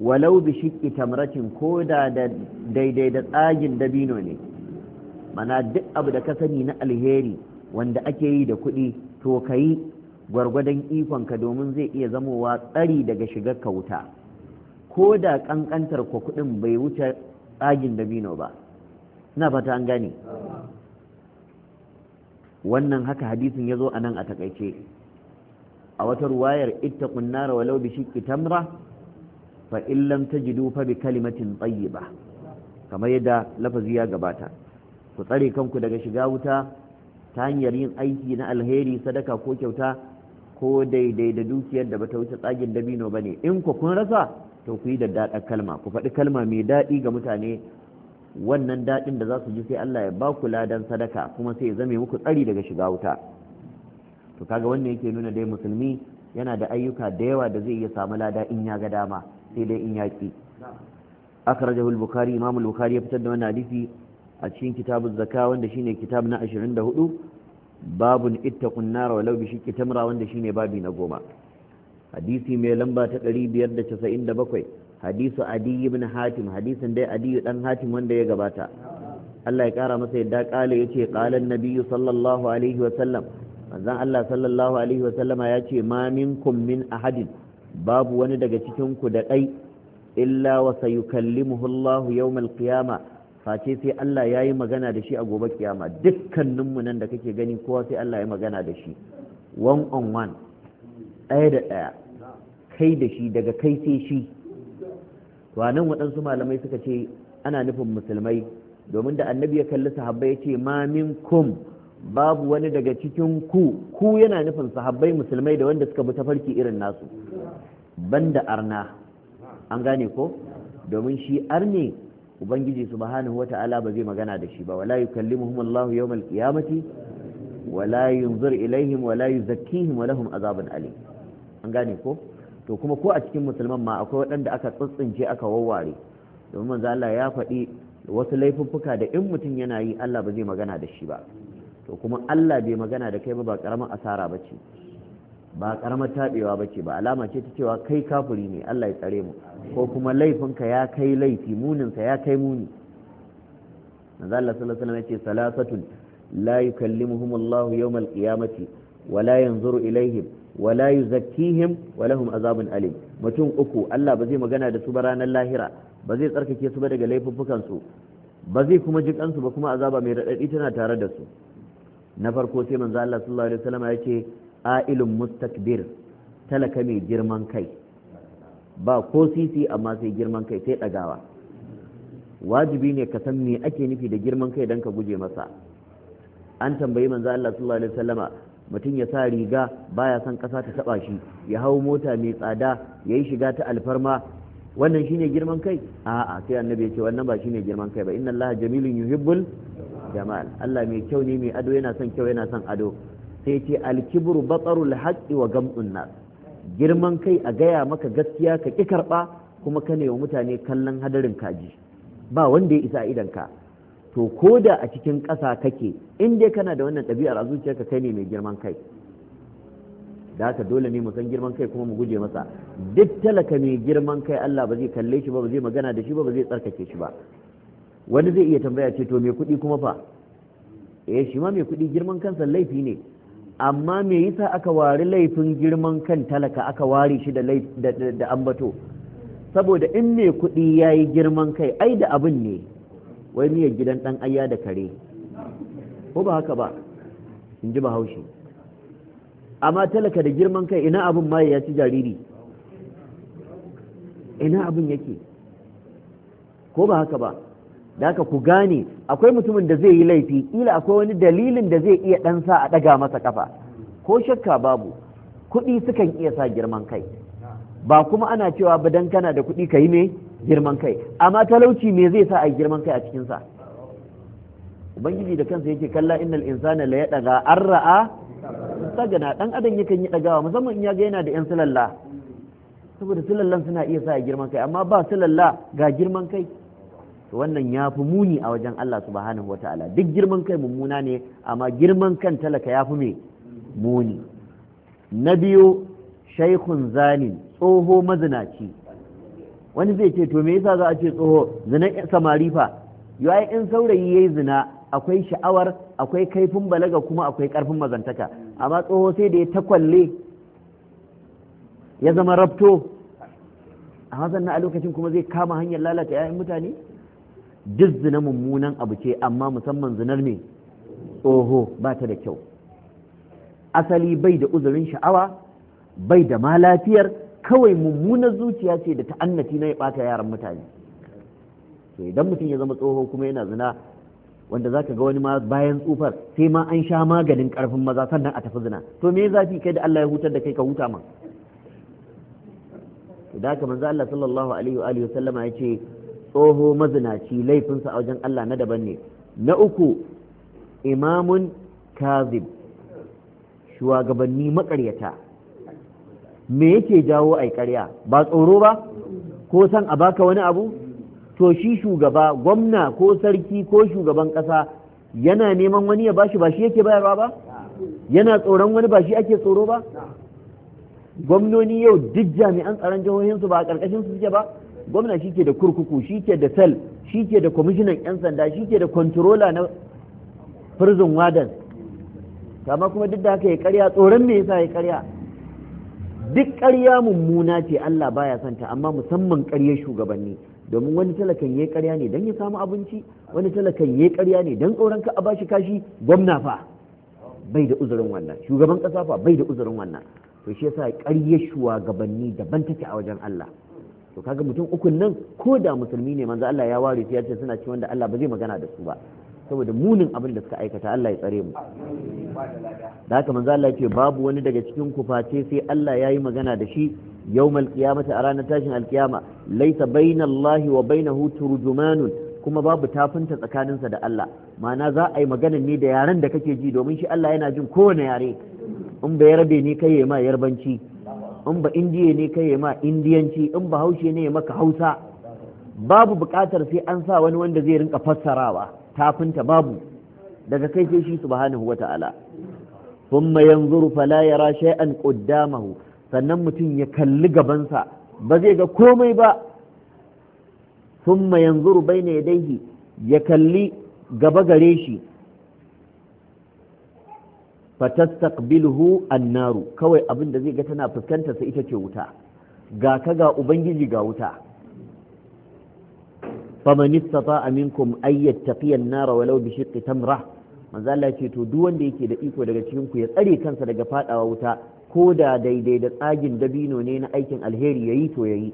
Speaker 1: walau bi shiqqi tamratin ko da daidai da tsagin dabino ne mana duk abu da ka sani na alheri wanda ake yi da kuɗi to kayi gwargwadon ka domin zai iya zamowa tsari daga shigar ka wuta ko da ƙanƙantar ku kuɗin bai wuce tsagin dabino ba ina fata an gane wannan haka hadisin ya zo a nan a takaice a wata ruwayar kunnara wa walau bi ki tamra fa in ta ji dufa bi kalimatin ba kamar yadda lafazi ya gabata ku tsare kanku daga shiga wuta ta hanyar yin aiki na alheri sadaka ko kyauta ko daidai da dukiyar da bata wuce tsagin dabino ba ne in ku kun rasa to ku yi da daɗa kalma ku faɗi kalma mai daɗi ga mutane wannan daɗin da za su ji sai Allah ya ba ku ladan sadaka kuma sai ya zame muku tsari daga shiga wuta to kaga wannan yake nuna dai musulmi yana da ayyuka da yawa da zai iya samu lada in ya ga dama sai dai in ya ki akhrajahu al-bukhari imam al-bukhari ya fitar da wannan hadisi a cikin kitabuz zakka wanda shine kitab na 24 babun ittaqun nar walau bi shiqqi tamra wanda shine babi na goma hadisi mai lamba ta 597 hadisu adi ibn hatim hadisin dai adi dan hatim wanda ya gabata Allah ya kara masa yadda kale yace qalan nabiyyu sallallahu alaihi wa sallam manzon Allah sallallahu alaihi wa sallama yace ma minkum min ahadin babu wani daga cikin ku da dai illa wa sayukallimuhu Allah yawmal qiyama face sai Allah yayi magana da shi a gobe kiyama dukkaninmu nan da kake gani kowa sai Allah ya magana da shi one on one ɗaya da ɗaya kai da shi daga kai sai shi to nan waɗansu malamai suka ce ana nufin musulmai domin da annabi ya kalli sahabbai ya ce ma minkum babu wani daga cikin ku ku yana nufin sahabbai musulmai da wanda suka bi tafarki irin nasu banda arna an gane ko domin shi arne ubangiji subhanahu wata'ala ba zai magana da shi ba wala yukallimuhum Allahu yawmal qiyamati wala yunzur ilaihim wala yuzakkihim wa lahum azabun alim an gane ko to kuma ko a cikin musulman ma akwai waɗanda aka tsintsince aka wawware domin manzo Allah ya faɗi wasu laifuffuka da in mutum yana yi Allah ba zai magana da shi ba to kuma Allah bai magana da kai ba ba karamar asara ba ce ba karamar taɓewa ba ce ba alama ce ta cewa kai kafuri ne Allah ya tsare mu ko kuma laifinka ya kai laifi muninsa ya kai muni manzo Allah sallallahu alaihi wasallam ya ce salasatun la yukallimuhum Allah qiyamati wala yanzuru ilaihim wala yuzakkihim wa lahum azabun alim mutum uku Allah ba zai magana da su ba ranar lahira ba zai tsarkake su ba daga laifuffukan su ba zai kuma ji ba kuma azaba mai raɗaɗi tana tare da su na farko sai manzo Allah sallallahu alaihi wasallam ya ce ailun mustakbir talaka mai girman kai ba ko sisi amma sai girman kai sai dagawa wajibi ne ka san me ake nufi da girman kai don ka guje masa an tambayi manzo Allah sallallahu alaihi wasallama mutum ya sa riga baya son ƙasa ta taɓa shi ya hau mota mai tsada ya yi shiga ta alfarma wannan shine girman kai a'a sai annabi ya ce wannan ba shi ne girman kai ba inna allaha jamilun yuhibbul jamal Allah mai kyau ne mai ado yana son kyau yana son ado sai ce alkibru batsarul haqqi wa gam'un nas girman kai a gaya maka gaskiya ka ki karba kuma ka wa mutane kallon hadarin kaji ba wanda ya isa idan ka to ko da a cikin ƙasa kake in dai kana da wannan ɗabi'ar a ka, kai ne mai girman kai da haka dole ne mu san girman kai kuma mu guje masa duk talaka mai girman kai Allah ba zai kalle shi ba ba zai magana da shi ba ba zai tsarkake shi ba wani zai iya tambaya ce to mai kuɗi kuma fa eh shi ma mai kuɗi girman kansa laifi ne amma me yasa aka wari laifin girman kan talaka aka wari shi da da ambato saboda in mai kuɗi yayi girman kai ai da abin ne wai miyar gidan ɗan ayya da kare ko ba haka ba in ji bahaushe amma talaka da girman kai ina abin maye ya ci jariri ina abin yake ko ba haka ba da haka ku gane akwai mutumin da zai yi laifi ila akwai wani dalilin da zai iya ɗansa a ɗaga masa kafa ko shakka babu kuɗi sukan iya sa girman kai ba kuma ana cewa ba dan kana da kuɗi ka yi me girman kai amma talauci me zai sa a girman kai a cikinsa ubangiji da kansa yake kalla innal insana la yadaga arra'a sagana dan adam yakan yi dagawa musamman in ya ga yana da yan silalla saboda silallan suna iya sa a girman kai amma ba silalla ga girman kai to wannan ya muni a wajen Allah subhanahu wataala duk girman kai mummuna ne amma girman kan talaka ya fi me muni na biyu shaikhun zani tsoho mazinaci wani zai ce to me yasa za a ce tsoho zina samari fa yayi in saurayi yayi zina akwai sha'awar akwai kaifin balaga kuma akwai karfin mazantaka amma tsoho sai da ya takwalle ya zama rabto amma sannan a lokacin kuma zai kama hanyar lalata 'ya'yan mutane duk zina mummunan abu ce amma musamman zinar ne tsoho ba ta da kyau asali bai da uzurin sha'awa bai da ma lafiyar kawai mummunar zuciya ce da ta'annati na ya ɓata yaran mutane to idan mutum ya zama tsoho kuma yana zina wanda zaka ga wani ma bayan tsufar sai ma an sha maganin karfin maza sannan a tafi zina to me zafi kai da Allah ya hutar da kai ka huta ma to da haka manzo Allah sallallahu alaihi wa alihi sallama yace tsoho mazinaci laifinsa a wajen Allah na daban ne na uku imamun kazib shugabanni makaryata me yake jawo ai karya ba tsoro ba ko san a baka wani abu to shi shugaba gwamna ko sarki ko shugaban kasa yana neman wani ya bashi ba shi yake bayarwa ba yana tsoron wani ba shi ake tsoro ba gwamnoni yau duk jami'an tsaron jihohinsu ba a ƙarƙashin su suke ba gwamna shi ke da kurkuku shi ke da sel shi ke da kwamishinan 'yan sanda shi ke da kontrola na prison warden kama kuma duk da haka ya karya tsoron me yasa ya karya duk ƙarya mummuna ce Allah baya son ta amma musamman ƙaryar shugabanni domin wani talakan yayi ƙarya ne dan ya samu abinci wani talakan yayi ƙarya ne dan tsoron ka a bashi kashi gwamna fa bai da uzurin wannan shugaban ƙasa fa bai da uzurin wannan to shi yasa ƙaryar shugabanni daban take a wajen Allah to kaga mutum ukun nan ko da musulmi ne manzo Allah ya ware su ya ce suna ci wanda Allah ba zai magana da su ba saboda munin abin da suka aikata Allah ya tsare mu da haka manzo Allah ce babu wani daga cikin ku face sai Allah ya yi magana da shi yawmal qiyamati a ranar tashin alkiyama laisa bainallahi wa bainahu turjumanun kuma babu tafinta tsakaninsa da Allah Mana za a yi magana ne da yaren da kake ji domin shi Allah yana jin kowane yare in ba yarbe ne kai ma yarbanci in ba indiya ne kai ma indiyanci in ba haushe ne maka hausa babu buƙatar sai an sa wani wanda zai rinka fassarawa tafinta babu daga kai sai shi subhanahu wata'ala thumma yanzuru fala yara shay'an qaddamahu sannan mutum ya kalli gabansa ba zai ga komai ba thumma yanzuru baina yadayhi ya kalli gaba gare shi fatastaqbiluhu annaru kawai abinda zai ga tana fuskanta sa ita ce wuta ga ka ga ubangiji ga wuta faman istata'a minkum ay yattaqiya an walau bi shiqqi tamra manzo Allah to duk wanda yake da iko daga ku ya tsare kansa daga faɗawa wuta ko da daidai da tsagin dabino ne na aikin alheri yayi to yayi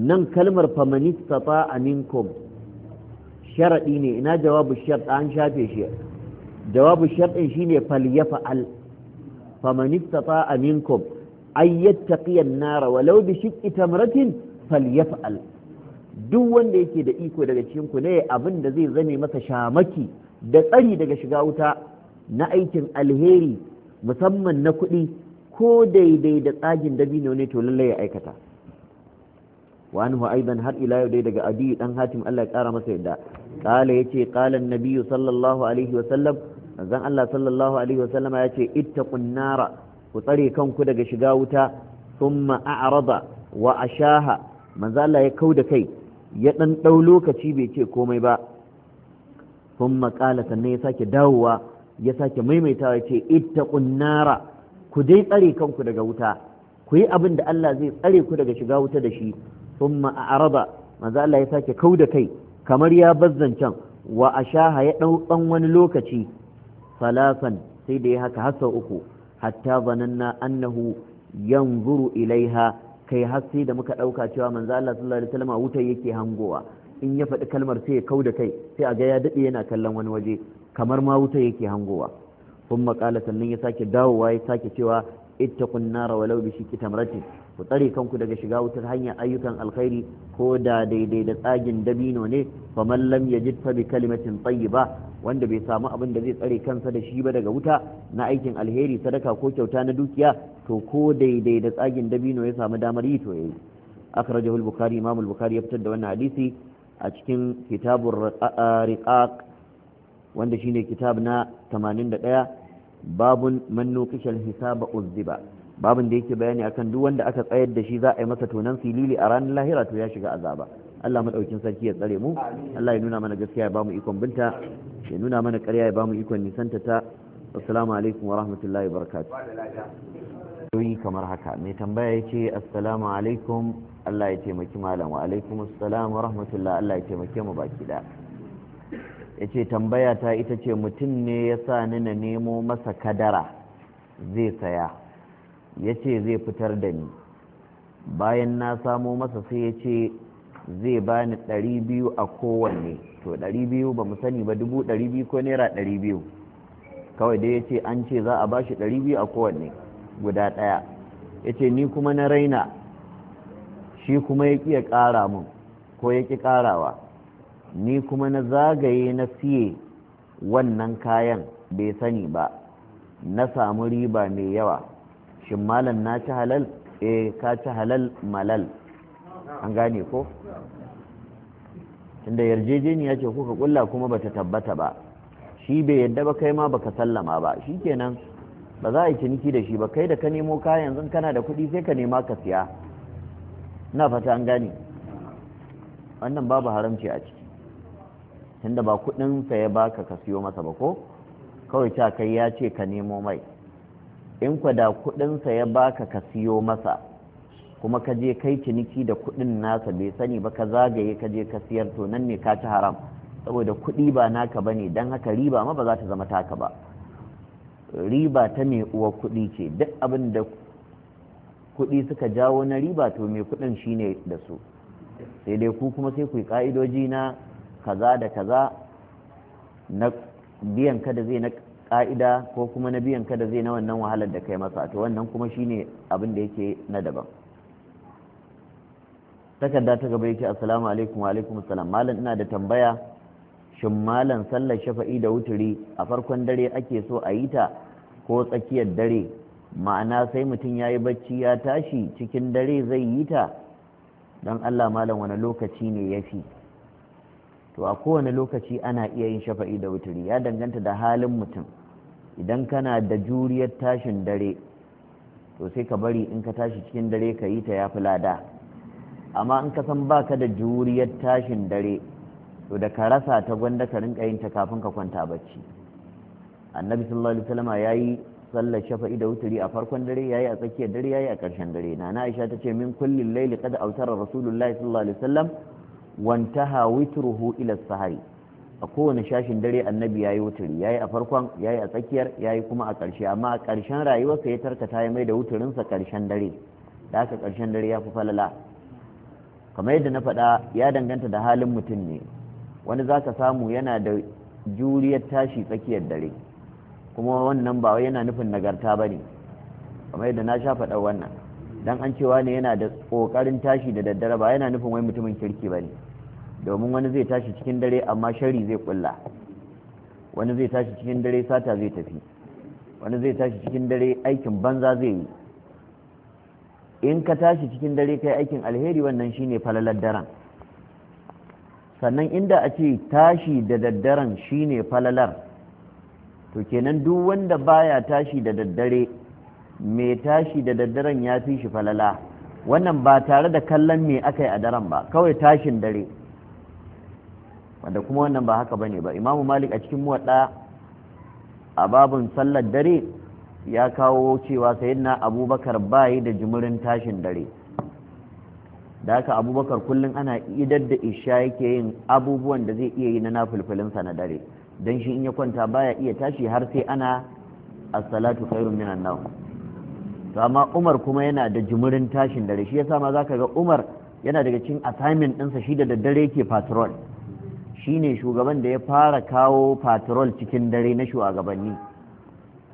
Speaker 1: nan kalmar faman istata'a minkum ne ina jawabu shart an shafe shi jawabu shartin shine falyafa'al faman istata'a minkum ay yattaqiya walau duk wanda yake da iko daga cikin ku ne abin da zai zame masa shamaki da tsari daga shiga wuta na aikin alheri musamman na kuɗi ko daidai da tsagin dabino ne to lallai ya aikata wa anhu aidan har ila yau dai daga adiyu dan hatim Allah ya kara masa yadda qala yace qala an sallallahu alaihi wa sallam manzon Allah sallallahu alaihi wa sallama yace ittaqun nara ku tsare kanku daga shiga wuta thumma a'rada wa ashaha manzo Allah ya kauda kai ya ɗan ɗau lokaci bai ce komai ba sun maƙala sannan ya sake dawowa ya sake maimaitawa ya ce ita nara ku dai tsare kanku daga wuta ku yi abin da Allah zai tsare ku daga shiga wuta da shi sun ma'araba maza Allah ya sake kau da kai kamar ya bazzancan wa a shaha ya ɗau ɗan wani lokaci salasan sai da ya haka hasa uku hatta zananna annahu yanzuru ilaiha kai haske da muka ɗauka cewa manzo Allah sallallahu alaihi wasallam wuta yake hangowa in ya faɗi kalmar sai ya kau da kai sai a ga ya daɗe yana kallon wani waje kamar ma wuta yake hangowa kuma maƙala sannan ya sake dawowa ya sake cewa ittaqun rawa walau bi shiqqi tamratin ku tsare kanku daga shiga wutar hanyar ayyukan alkhairi ko da daidai da tsagin dabino ne faman lam yajid fa bi kalimatin tayyiba wanda bai samu abin da zai tsare kansa da shi ba daga wuta na aikin alheri sadaka ko kyauta na dukiya to ko daidai da tsagin dabino ya samu damar yi to yayi akhrajahu al-bukhari imam al-bukhari ya fitar da wannan hadisi a cikin kitabur riqaq wanda shine kitab na 81 babun man nukishal hisaba uzziba babun da yake bayani akan duk wanda aka tsayar da shi za a yi masa tonan silili a ranar lahira to ya shiga azaba Allah madaukin sarki ya tsare mu Allah ya nuna mana gaskiya ya bamu ikon binta ya nuna mana ƙarya ya bamu ikon nisanta ta assalamu alaikum wa rahmatullahi wa barakatuh kamar haka mai tambaya ce assalamu alaikum Allah ya taimaki malam wa alaikum assalam wa rahmatullah Allah ya taimake mu baki da yace ce tambaya ta ita ce mutum ne ya sa ni na nemo masa kadara zai saya ya zai fitar da ni bayan na samo masa sai yace zai bani ɗari biyu a kowanne to ɗari biyu ba mu sani ba dubu ɗari biyu ko naira ɗari biyu kawai dai ya an ce za a bashi ɗari biyu a kowanne guda ɗaya ya ni kuma na raina shi kuma ya ƙi ya ƙara mun ko ya ƙi ƙarawa ni kuma na zagaye na siye wannan kayan bai sani ba na samu riba mai yawa shin malam na ci halal e ka ci halal malal an gane ko tunda yarjejeniya ce kuka kulla kuma bata tabbata ba shi bai yadda ba kai ma baka sallama ba shikenan ba za a yi ciniki da shi ba kai da ka nemo kayan yanzu kana da kuɗi sai ka nema ka siya na fata an gane wannan babu haramci a ciki tunda ba sa ya baka ka siyo masa ba ko kawai ta kai ya ce ka nemo mai in ku da kuɗinsa ya baka ka siyo masa kuma ka je kai ciniki da kudin nasa bai sani ba ka zagaye ka je ka siyar to nan ne ka ci haram saboda kudi ba naka bane dan haka riba ma ba za ta zama taka ba riba ta mai uwa kudi ce duk abin da kuɗi suka jawo na riba to mai kudin shine da su sai dai ku kuma sai ku yi ka'idoji na kaza da kaza na biyan ka da zai na ka'ida ko kuma na biyan ka da zai na wannan wahalar da kai masa to wannan kuma shine abin da yake na daban takarda ta gaba yake assalamu alaikum wa alaikum assalam malam ina da tambaya shin malam sallar shafa'i da wuturi a farkon dare ake so a yi ta ko tsakiyar dare ma'ana sai mutum ya yi bacci ya tashi cikin dare zai yi ta don allah malam wani lokaci ne ya fi to a kowane lokaci ana iya yin shafa'i da wuturi ya danganta da halin mutum idan kana da juriyar tashin dare to sai ka bari in ka tashi cikin dare ka yi ta ya fi lada amma in ka san baka da juriyar tashin dare to da ka rasa ta gwanda ka rinka yin ta kafin ka kwanta bacci annabi sallallahu alaihi wasallam yayi sallar shafa'i da wuturi a farkon dare yayi a tsakiyar dare yayi a ƙarshen dare nana Aisha tace min kullin laili kada autar rasulullahi sallallahu alaihi wasallam wantaha witruhu ila sahari a kowane shashin dare annabi yayi wuturi yayi a farkon yayi a tsakiyar yayi kuma a ƙarshe amma a ƙarshen rayuwarsa ya tarkata ya mai da wuturinsa ƙarshen dare da ƙarshen dare ya fi falala kamar yadda na faɗa ya danganta da halin mutum ne wani zaka samu yana da juriyar tashi tsakiyar dare kuma wannan ba yana nufin nagarta ba ne kamar yadda na sha faɗa wannan dan an cewa ne yana da ƙoƙarin tashi da daddare ba yana nufin wai mutumin kirki ba ne domin wani zai tashi cikin dare amma shari zai kulla wani zai tashi cikin dare sata zai tafi wani zai tashi cikin dare aikin banza zai yi in ka tashi cikin dare kai aikin alheri wannan shine falalar daren sannan inda a ce tashi da daddaren shine falalar to kenan duk wanda baya tashi da daddare mai tashi da daddaren ya fi shi falala wannan ba tare da kallon me aka yi a daren ba kawai tashin dare wanda kuma wannan ba haka bane ba imamu malik a cikin muwadda a babun sallar dare ya kawo cewa sayyidina abubakar bayi da jimirin tashin dare da haka abubakar kullum ana idar da isha yake yin abubuwan da zai iya yi na nafulfulinsa na dare don shi in ya kwanta baya iya tashi har sai ana as-salatu khairun minan nawm to amma Umar kuma yana da jimurin tashin dare shi yasa ma ka ga Umar yana daga cikin assignment ɗinsa shi da daddare yake patrol Shi ne shugaban da ya fara kawo patrol cikin dare na shugabanni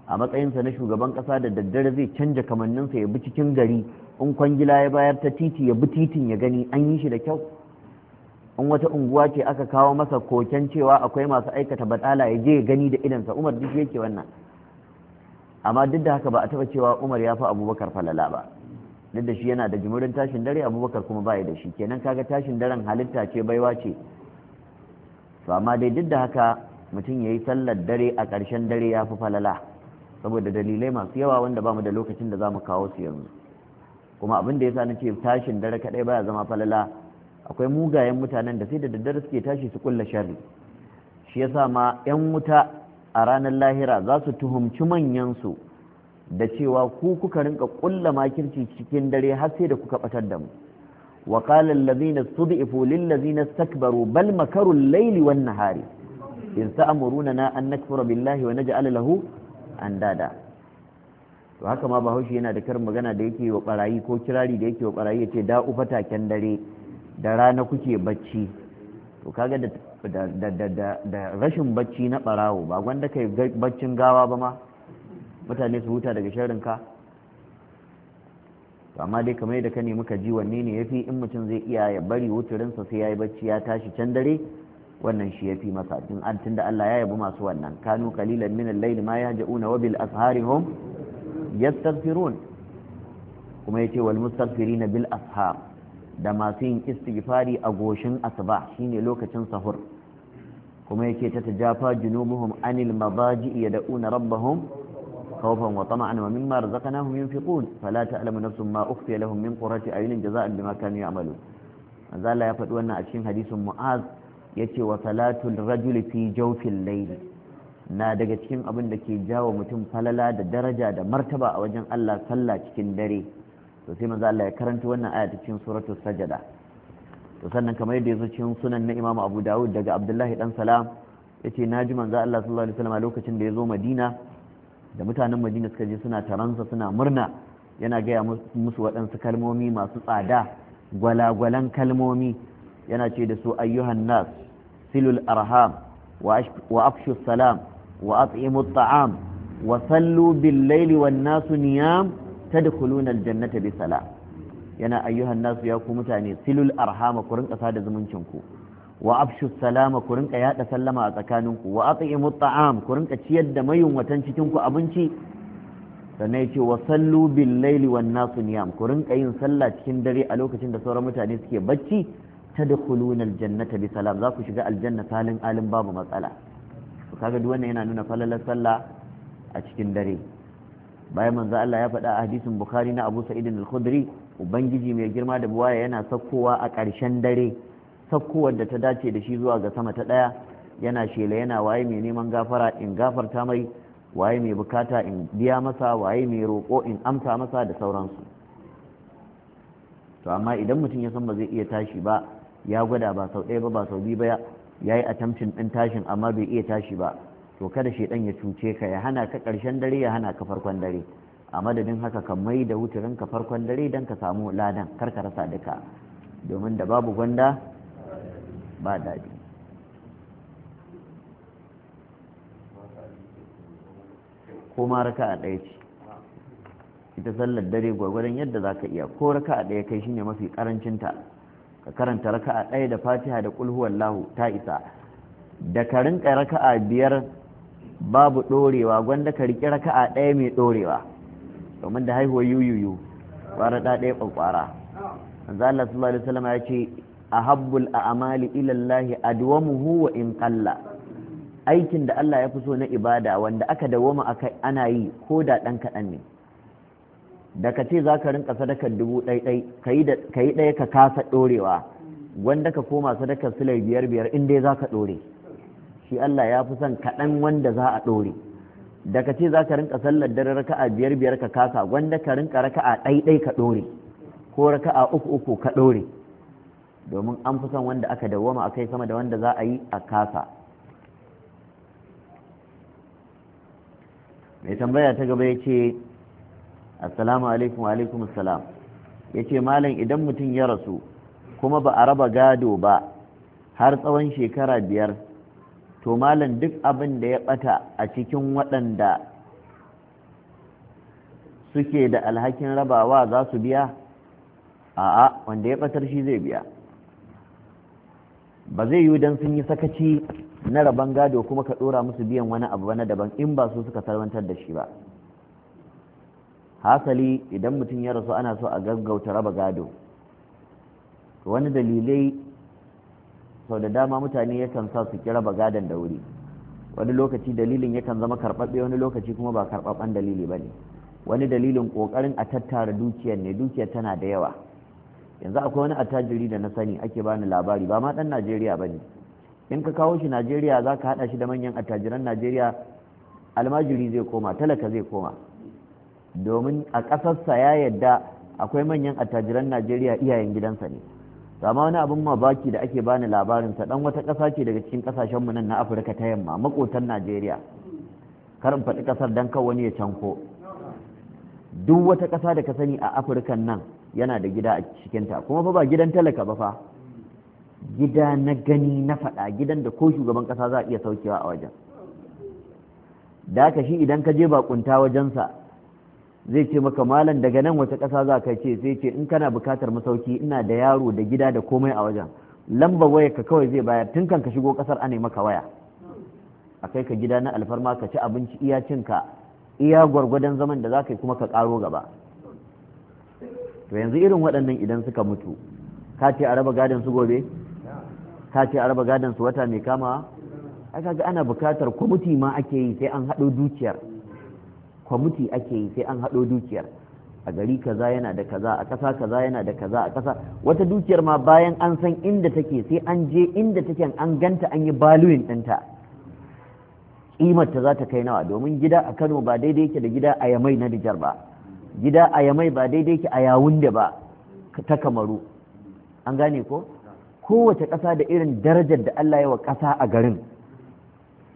Speaker 1: a matsayinsa na shugaban kasa da daddare zai canja kamanninsa ya bi cikin gari in kwangila ya bayar ta titi ya bi titin ya gani an yi shi da kyau in wata unguwa ce aka kawo masa koken cewa akwai masu aikata batsala ya je ya gani da idansa umar duk yake wannan amma duk da haka ba a taba cewa umar ya fi abubakar falala ba duk da shi yana da jimurin tashin dare abubakar kuma ba da shi kenan kaga tashin daren halitta ce baiwa ce to amma dai duk da haka mutum ya yi sallar dare a ƙarshen dare ya fi falala saboda dalilai masu yawa wanda ba mu da lokacin da za mu kawo su yanzu kuma abin da ya sa na ce tashin dare kaɗai baya zama falala akwai mugayen mutanen da sai da daddare suke tashi su kulla sharri shi yasa ma 'yan wuta a ranar lahira za su tuhumci su da cewa ku kuka rinka kulla makirci cikin dare har sai da kuka ɓatar da mu وقال الذين استضعفوا للذين استكبروا بل مكروا الليل والنهار إذ تأمروننا أن نكفر بالله ونجعل له أندادا to haka ma bahaushe yana da karin magana da yake wa barayi ko kirari da yake wa barayi yace da ufa taken dare da rana kuke bacci to kaga da da da da rashin bacci na barawo ba gwanda kai baccin gawa ba ma mutane su huta daga sharrinka. ka to amma dai kamar yadda ka nemi ka ji wanne ne yafi in mutum zai iya ya bari wuturinsa sai yayi bacci ya tashi can dare wannan shi yafi masa tun an da Allah ya yabi masu wannan kanu qalilan min al-layl ma yahja'una wa bil asharihum yastaghfirun kuma yace wal mustaghfirina bil ashar da masu yin istighfari a goshin asuba shine lokacin sahur kuma yake ta tajafa junubuhum anil madaji yad'una rabbahum خوفا وطمعا ومما رزقناهم ينفقون فلا تعلم نفس ما أخفي لهم من قرة أعين جزاء بما كانوا يعملون هذا لا يفعل أن أشين حديث معاذ يتي وصلاة الرجل في جوف الليل na daga cikin abin da ke jawo mutum falala da daraja da martaba a wajen Allah sallah cikin dare to sai manzo Allah ya karanta wannan aya cikin suratul sajada to sannan kamar yadda yazo cikin sunan na Imam Abu Dawud daga Abdullahi dan Salam yace naji manzo Allah sallallahu alaihi wasallam lokacin da yazo Madina da mutanen madina suka je suna taransa suna murna yana gaya musu waɗansu kalmomi masu tsada gwalagwalan kalmomi yana ce da su ayyuhan nas silul arham wa afshu salam wa at'imu ta'am wa sallu bil laili wan nasu niyam tadkhuluna al jannata bi salam yana ayyuhan nas ya ku mutane silul arhama ku rinka sada zumuncin ku wa afshu salama ku rinka yada sallama a tsakaninku wa at'imu ta'am ku rinka ciyar da mayunwatan cikin ku abinci sannan yace wa sallu bil laili wan nasu niyam ku rinka yin sallah cikin dare a lokacin da sauran mutane suke bacci tadkhuluna al jannata bi salam za ku shiga aljanna salin alin babu matsala to kaga duk wannan yana nuna falalar sallah a cikin dare bayan manzo Allah ya faɗa a hadisin Bukhari na Abu Sa'id al-Khudri ubangiji mai girma da buwaya yana sakkowa a ƙarshen dare sakkowar da ta dace da shi zuwa ga sama ta ɗaya yana shela yana waye mai neman gafara in gafarta mai waye mai bukata in biya masa waye mai roƙo in amsa masa da sauransu to amma idan mutum ya san ba zai iya tashi ba ya gwada ba sau ɗaya ba ba sau biyu ba ya yi attempting ɗin tashin amma bai iya tashi ba to kada shaidan ya cuce ka ya hana ka karshen dare ya hana ka farkon dare a madadin haka ka mai da wuturin ka farkon dare don ka samu ladan kar ka rasa duka domin da babu gwanda ba daɗi ma raka a ɗaya ce ita sallar dare gwagwadon yadda za ka iya ko raka a ɗaya kai shine mafi ƙarancinta ka karanta raka a ɗaya da fatiha da ƙulhuwar lahu ta isa da ka rinka raka a biyar babu ɗorewa gwanda ka riƙi raka a ɗaya mai ɗorewa domin da haihuwar yuyuyu ƙwara ɗaya ƙwaƙwara manzo Allah ya ce ahabbul a'mali ila Allah adwamuhu wa in qalla aikin da Allah ya fi so na ibada wanda aka dawoma akai ana yi ko da dan kadan ne da ka ce za ka rinka sadakar dubu ɗai ka yi ɗaya ka kasa ɗorewa wanda ka koma sadakar silai biyar biyar in dai za ka ɗore shi Allah ya fi son kaɗan wanda za a ɗore da ka ce za ka rinka sallar dare raka'a biyar biyar ka kasa wanda ka rinka raka'a ɗai ɗai ka ɗore ko raka'a uku uku ka ɗore domin an fi son wanda aka dawoma a kai sama da wanda za a yi a kasa mai tambaya ta gaba ya ce assalamu alaikum alaikum assalam ya ce malam idan mutum ya rasu kuma ba a raba gado ba har tsawon shekara biyar to malam duk abin da ya bata a cikin waɗanda suke da alhakin rabawa za su biya a'a wanda ya batar shi zai biya ba zai yiwu don sun yi sakaci na rabon gado kuma ka ɗora musu biyan wani abu na daban in ba su suka salwantar da shi ba hasali idan mutum ya rasu ana so a gaggauta raba gado wani dalilai sau da dama mutane yakan sa su kira raba gadon da wuri wani lokaci dalilin yakan zama karɓaɓɓe wani lokaci kuma ba karɓaɓɓen dalili ba ne wani dalilin ƙoƙarin a tattara dukiyar ne dukiyar tana da yawa yanzu akwai wani attajiri da na sani ake bani labari ba ma dan Najeriya bane in ka kawo shi Najeriya za ka hada shi da manyan attajiran Najeriya almajiri zai koma talaka zai koma domin a ƙasarsa ya yadda akwai manyan attajiran Najeriya iyayen gidansa ne to amma wani abin mabaki da ake bani labarin sa dan wata kasa ce daga cikin mu nan na Afirka ta yamma makotan Najeriya karin faɗi ƙasar dan kawai wani ya canko duk wata ƙasa da ka sani a afirka nan yana da gida a cikinta kuma fa ba gidan talaka ba fa gida na gani na faɗa gidan da ko shugaban kasa za a iya saukewa a wajen da ka shi idan ka je bakunta wajensa zai ce maka malam daga nan wata kasa za ka ce sai ce in kana bukatar masauki ina da yaro da gida da komai a wajen lambar waya ka kawai zai bayar tun kan ka shigo ƙasar a maka waya a kai ka gida na alfarma ka ci abinci iya cinka iya gwargwadon zaman da za ka yi kuma ka karo gaba to yanzu irin waɗannan idan suka mutu ka ce a raba gadon su gobe ka ce a raba gadon su wata mai kama aka ga ana bukatar kwamiti ma ake yi sai an haɗo dukiyar kwamiti ake yi sai an haɗo dukiyar a gari kaza yana da kaza a ƙasa kaza yana da kaza a ƙasa wata dukiyar ma bayan an san inda take sai an je inda take an ganta an yi baluwin ɗinta ƙimarta ta za ta kai nawa domin gida a Kano ba daidai yake da gida a Yamai na dijar ba gida a yamai ba daidai ki a yawun da ba ta kamaru an gane ko kowace ƙasa da irin darajar da Allah ya wa ƙasa a garin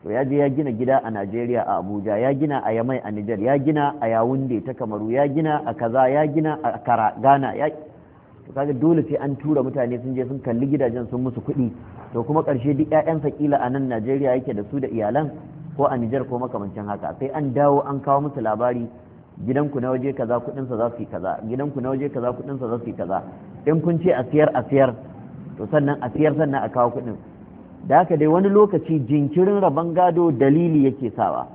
Speaker 1: to ya je ya gina gida a Najeriya a Abuja ya gina a Yamai a Nijar ya gina a Yawunde ta Kamaru ya gina a kaza ya gina a Kara Ghana ya to kaga dole sai an tura mutane sun je sun kalli gidajen sun musu kuɗi to kuma ƙarshe duk ƴaƴansa kila a nan Najeriya yake da su da iyalan ko a Nijar ko makamancin haka sai an dawo an kawo musu labari gidanku na waje kaza kudinsa za su yi kaza gidanku na waje kaza kudinsa za su yi kaza in kun ce a siyar a siyar to sannan a siyar sannan a kawo kudin da haka dai wani lokaci jinkirin rabon gado dalili yake sawa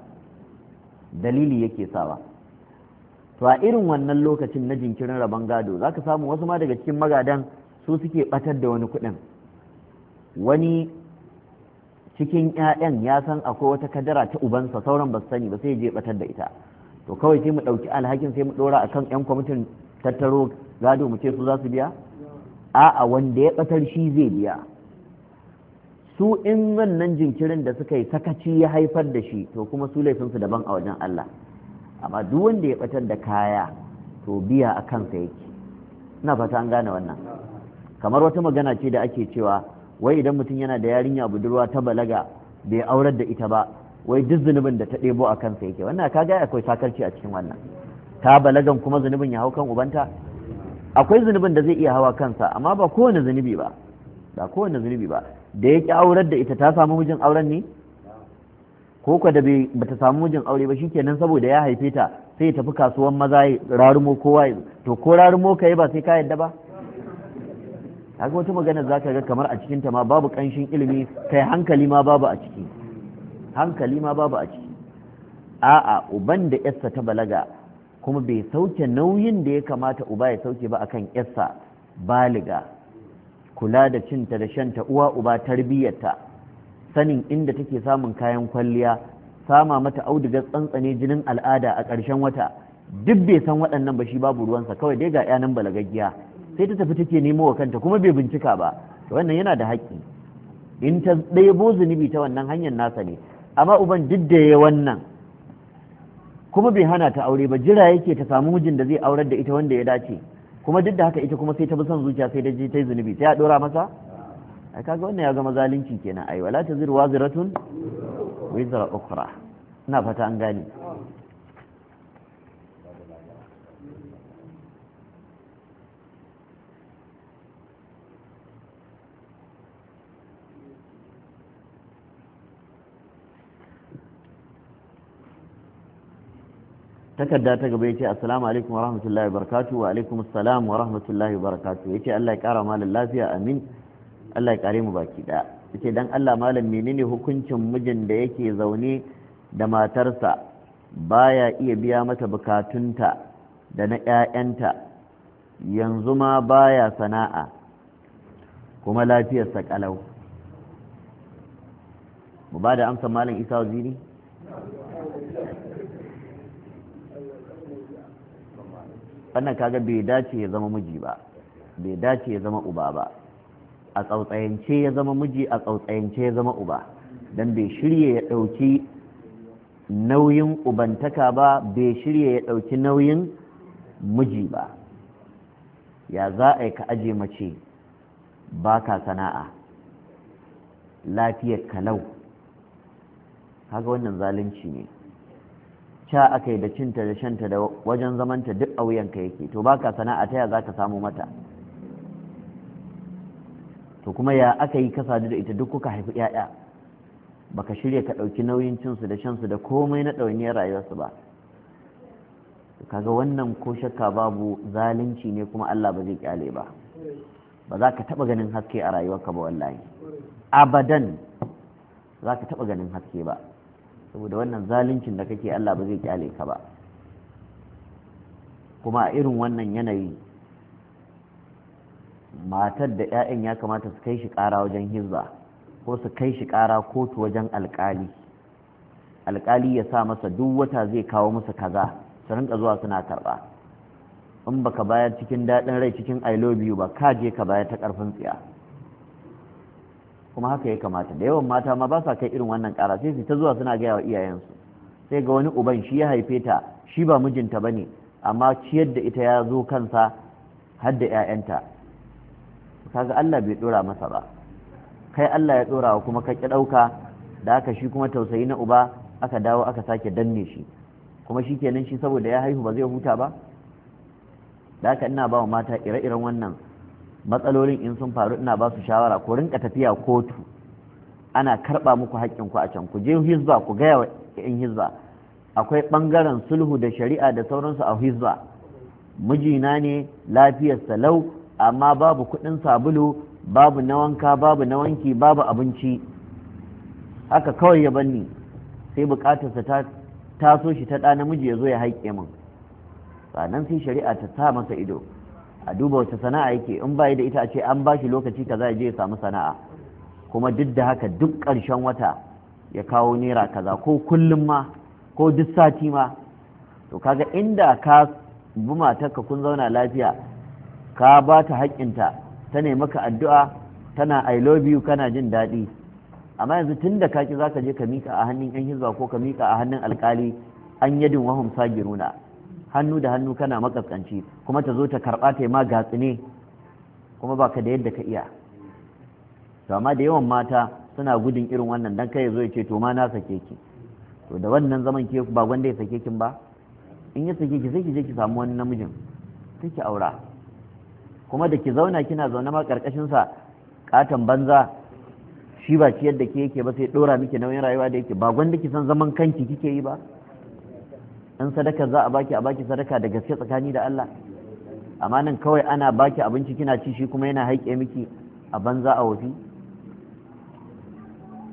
Speaker 1: dalili yake sawa to a irin wannan lokacin na jinkirin rabon gado za ka samu wasu ma daga cikin magadan su suke batar da wani kudin wani cikin 'ya'yan ya san akwai wata kadara ta ubansa sauran ba su sani ba sai je batar da ita to kawai sai mu ɗauki alhakin sai mu ɗora a kan 'yan kwamitin tattaro gado mu ce su za su biya a'a wanda ya ɓatar shi zai biya su in wannan jinkirin da suka yi sakaci ya haifar da shi to kuma su laifin su daban a wajen Allah amma duk wanda ya ɓatar da kaya to biya a kansa yake ina fata an gane wannan kamar wata magana ce da ake cewa wai idan mutum yana da yarinya budurwa ta balaga bai aurar da ita ba wai duk zunubin da ta ɗebo a kansa yake wannan kaga akwai sakarci a cikin wannan ta balagan kuma zunubin ya hau kan ubanta akwai zunubin da zai iya hawa kansa amma ba kowane zunubi ba ba kowane zunubi ba da ya ƙi aurar da ita ta samu mijin auren ne ko kwa da ba ta samu mijin aure ba shikenan saboda ya haife ta sai ya tafi kasuwan maza ya rarumo kowa to ko rarumo ka yi ba sai ka yadda ba Haka wata magana ka ga kamar a cikinta ma babu ƙanshin ilimi kai hankali ma babu a ciki hankali ma babu a ciki a'a uban da yarsa ta balaga kuma bai sauke nauyin da ya kamata uba ya sauke ba akan yarsa baliga kula da cinta da shanta uwa uba tarbiyyarta sanin inda take samun kayan kwalliya sama mata audugar tsantsane jinin al'ada a ƙarshen wata duk bai san waɗannan ba shi babu ruwansa kawai dai ga yanan balagaggiya sai ta tafi take nemo wa kanta kuma bai bincika ba wannan yana da haƙƙi in ta ɗaya ɗebo zunubi ta wannan hanyar nasa ne amma uban duk da ya wannan kuma bai hana ta aure ba jira yake ta samu mijin da zai aurar da ita wanda ya dace kuma duk da haka ita kuma sai ta bi son zuciya sai da ta yi zunubi sai ya dora masa ai kaga wannan ya zama zalunci kenan ai wala taziru waziratun wizra ukhra ina fata an gane takarda ta gaba yace assalamu alaikum wa rahmatullahi wa wa alaikum assalam wa rahmatullahi wa yace Allah ya kara malam lafiya amin Allah ya kare mu baki da yace dan Allah malam menene hukuncin mijin da yake zaune da matarsa baya iya biya mata bukatunta da na ƴaƴanta yanzu ma baya sana'a kuma lafiyarsa kalau mu ba da amsa malam Isa Waziri
Speaker 2: wannan kaga bai dace
Speaker 1: ya zama miji ba bai dace ya zama uba ba a tsautsayance ya zama miji a tsautsayance ya zama uba don bai shirye ya ɗauki nauyin ubantaka ba bai shirye ya ɗauki nauyin miji ba ya za a yi ka aje mace ba ka sana'a lafiyar kalau kaga wannan zalunci ne sha aka yi da cinta da shanta da wajen zamanta duk a wuyanka yake to baka sana'a ta ya za ka samu mata to kuma ya aka yi ka sadu da ita duk kuka haifi 'ya'ya baka shirya ka ɗauki nauyin cinsu da shansu da komai na ɗawainiyar rayuwarsu ba kaga wannan ko shakka babu zalunci ne kuma Allah ba zai kyale ba ba za ka taɓa ganin haske a rayuwarka ba wallahi abadan za ka taɓa ganin haske ba saboda wannan zaluncin da kake Allah ba zai kyale ka ba kuma a irin wannan yanayi matar da 'ya'yan ya kamata su kai shi ƙara wajen hizba ko su kai shi ƙara kotu wajen alƙali alƙali ya sa masa duk wata zai kawo masa kaza su rinka zuwa suna karɓa in baka bayar cikin daɗin rai cikin i love ba ka je ka bayar ta ƙarfin tsiya kuma haka ya kamata da yawan mata ma ba sa kai irin wannan ƙara sai su ta zuwa suna gaya wa iyayensu sai ga wani uban shi ya haife ta shi ba mijinta ba ne amma ciyar da ita ya zo kansa har da 'ya'yanta kaga Allah bai ɗora masa ba kai Allah ya ɗora kuma ka ƙi ɗauka da haka shi kuma tausayi na uba aka dawo aka sake danne shi kuma shi kenan shi saboda ya haihu ba zai huta ba da haka ina ba wa mata ire-iren wannan matsalolin in sun faru ina ba su shawara ko rinka tafiya kotu ana karɓa muku ku a can ku je hizba ku gaya wa in hizba akwai ɓangaren sulhu da shari'a da sauransu a hizba mijina ne lafiyar lau amma babu kuɗin sabulu babu na wanka babu na wanki babu abinci haka kawai ya banni sai bukatarsa ta taso shi ta ɗa namiji ya zo ya haƙƙe min sannan sai shari'a ta sa masa ido a duba wace sana'a yake in bai da ita a ce an ba shi lokaci kaza ya je ya samu sana'a kuma duk da haka duk ƙarshen wata ya kawo naira kaza ko kullum ma ko duk sati ma to kaga inda ka bi matarka kun zauna lafiya ka ba ta haƙƙinta ta ne maka addu'a tana i love you kana jin daɗi amma yanzu tun da kaki za ka je ka mika a hannun yan hizba ko ka mika a hannun alkali an yadin wahum sagiruna hannu da hannu kana makaskanci kuma ta zo ta karɓa ta ma gatsi ne kuma ba ka da yadda ka iya to amma da yawan mata suna gudun irin wannan dan kai zo ya ce to ma na sake ki to da wannan zaman ke ba gwanda ya sake kin ba in ya sake ki sai ki je ki samu wani namijin sai ki aura kuma da ki zauna kina zaune ma karkashin sa katan banza shi ba ciyar da ke yake ba sai dora miki nauyin rayuwa da yake ba gwanda ki san zaman kanki kike yi ba in sadaka za a baki a baki sadaka da gaske tsakani da Allah amma nan kawai ana baki abinci kina ci shi kuma yana haike miki a banza a wafi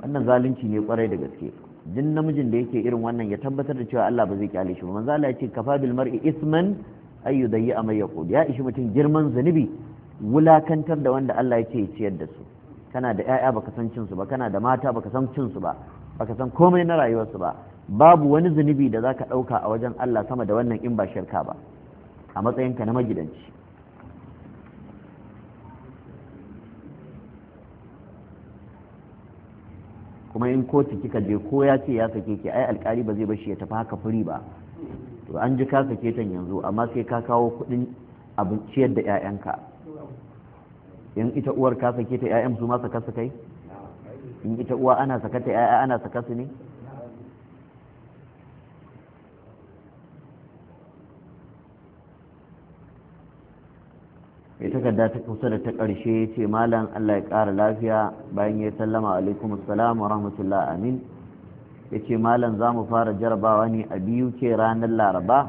Speaker 1: wannan zalunci ne kwarai da gaske duk namijin da yake irin wannan ya tabbatar da cewa Allah ba zai kyale shi ba manzo Allah ya ce kafa bil mar'i isman ayu dayi amma yaqul ya ishi mutum girman zanubi wulakantar da wanda Allah ya ce ya ciyar da su kana da ƴaƴa baka san cin su ba kana da mata baka san cin su ba baka san komai na rayuwarsu ba babu wani zunubi da zaka ɗauka a wajen Allah sama da wannan in ba shirka ba a matsayinka na magidanci kuma in kotu kika je ko ya ce ya sake ki ai alkali ba zai bar shi ya tafi haka furi ba to an ji ka sake ta yanzu amma sai ka kawo kuɗin abin ciyar da 'ya'yanka in ita uwar ka sake ta 'ya'yan su ma kasa su kai in ita uwa ana sakata ya'ya ana saka su ne mai takarda ta kusa da ta ƙarshe ce malam allah ya ƙara lafiya bayan ya sallama alaikum assalam wa rahmatullah amin ya ce malam za mu fara jarabawa ne a biyu ke ranar laraba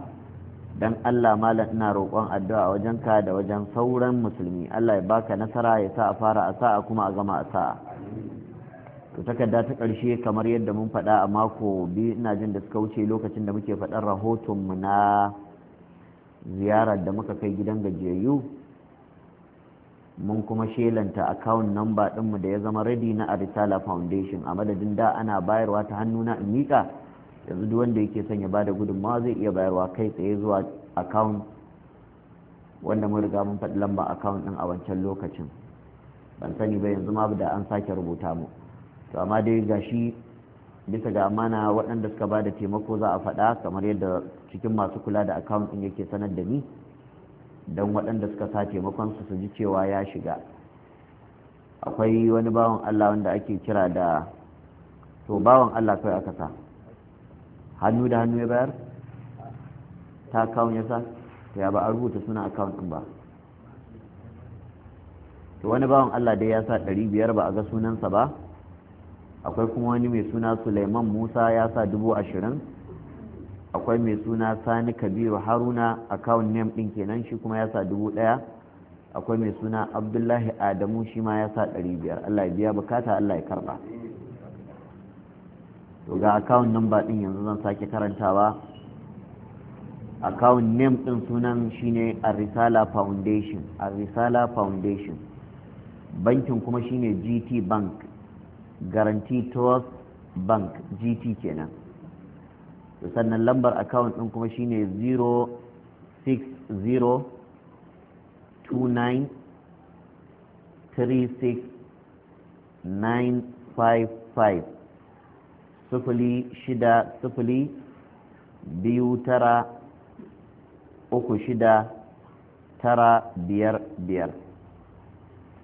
Speaker 1: don allah malam ina roƙon addu'a wajen ka da wajen sauran musulmi allah ya baka nasara ya sa a fara a sa'a kuma a gama a sa'a to takarda ta karshe kamar yadda mun faɗa a mako biyu ina jin da suka wuce lokacin da muke faɗar rahotonmu na ziyarar da muka kai gidan gajiyayyu mun kuma shelanta account number ɗinmu da ya zama ready na arisala foundation a madadin da ana bayarwa ta hannuna in miƙa yanzu duk wanda yake son ya ba da gudunmawa zai iya bayarwa kai tsaye zuwa account wanda mun riga mun faɗi lamba account ɗin a wancan lokacin ban sani ba yanzu ma da an sake rubuta mu to amma dai gashi bisa ga amana waɗanda suka ba da taimako za a faɗa kamar yadda cikin masu kula da account ɗin yake sanar da ni don waɗanda suka sa taimakon su su ji cewa ya shiga akwai wani bawan Allah wanda ake kira da to bawan Allah kai aka sa hannu da hannu ya bayar ta account ya sa ya ba a rubuta suna account ɗin ba to wani bawan Allah dai ya sa ɗari biyar ba a ga sunansa ba akwai kuma wani mai suna Sulaiman Musa ya sa dubu ashirin akwai mai suna Sani Kabiru Haruna account name ɗin kenan shi kuma ya sa dubu ɗaya akwai mai suna Abdullahi Adamu shi ma ya sa ɗari biyar Allah ya biya bukata Allah ya karɓa to ga account number ɗin yanzu zan sake karantawa account name ɗin sunan shine Arisala Foundation Arisala Foundation bankin kuma shine GT Bank guarantee tours bank gt kenan to sannan lambar account din kuma shine 0 sifili shida sifili biyu tara uku shida tara biyar biyar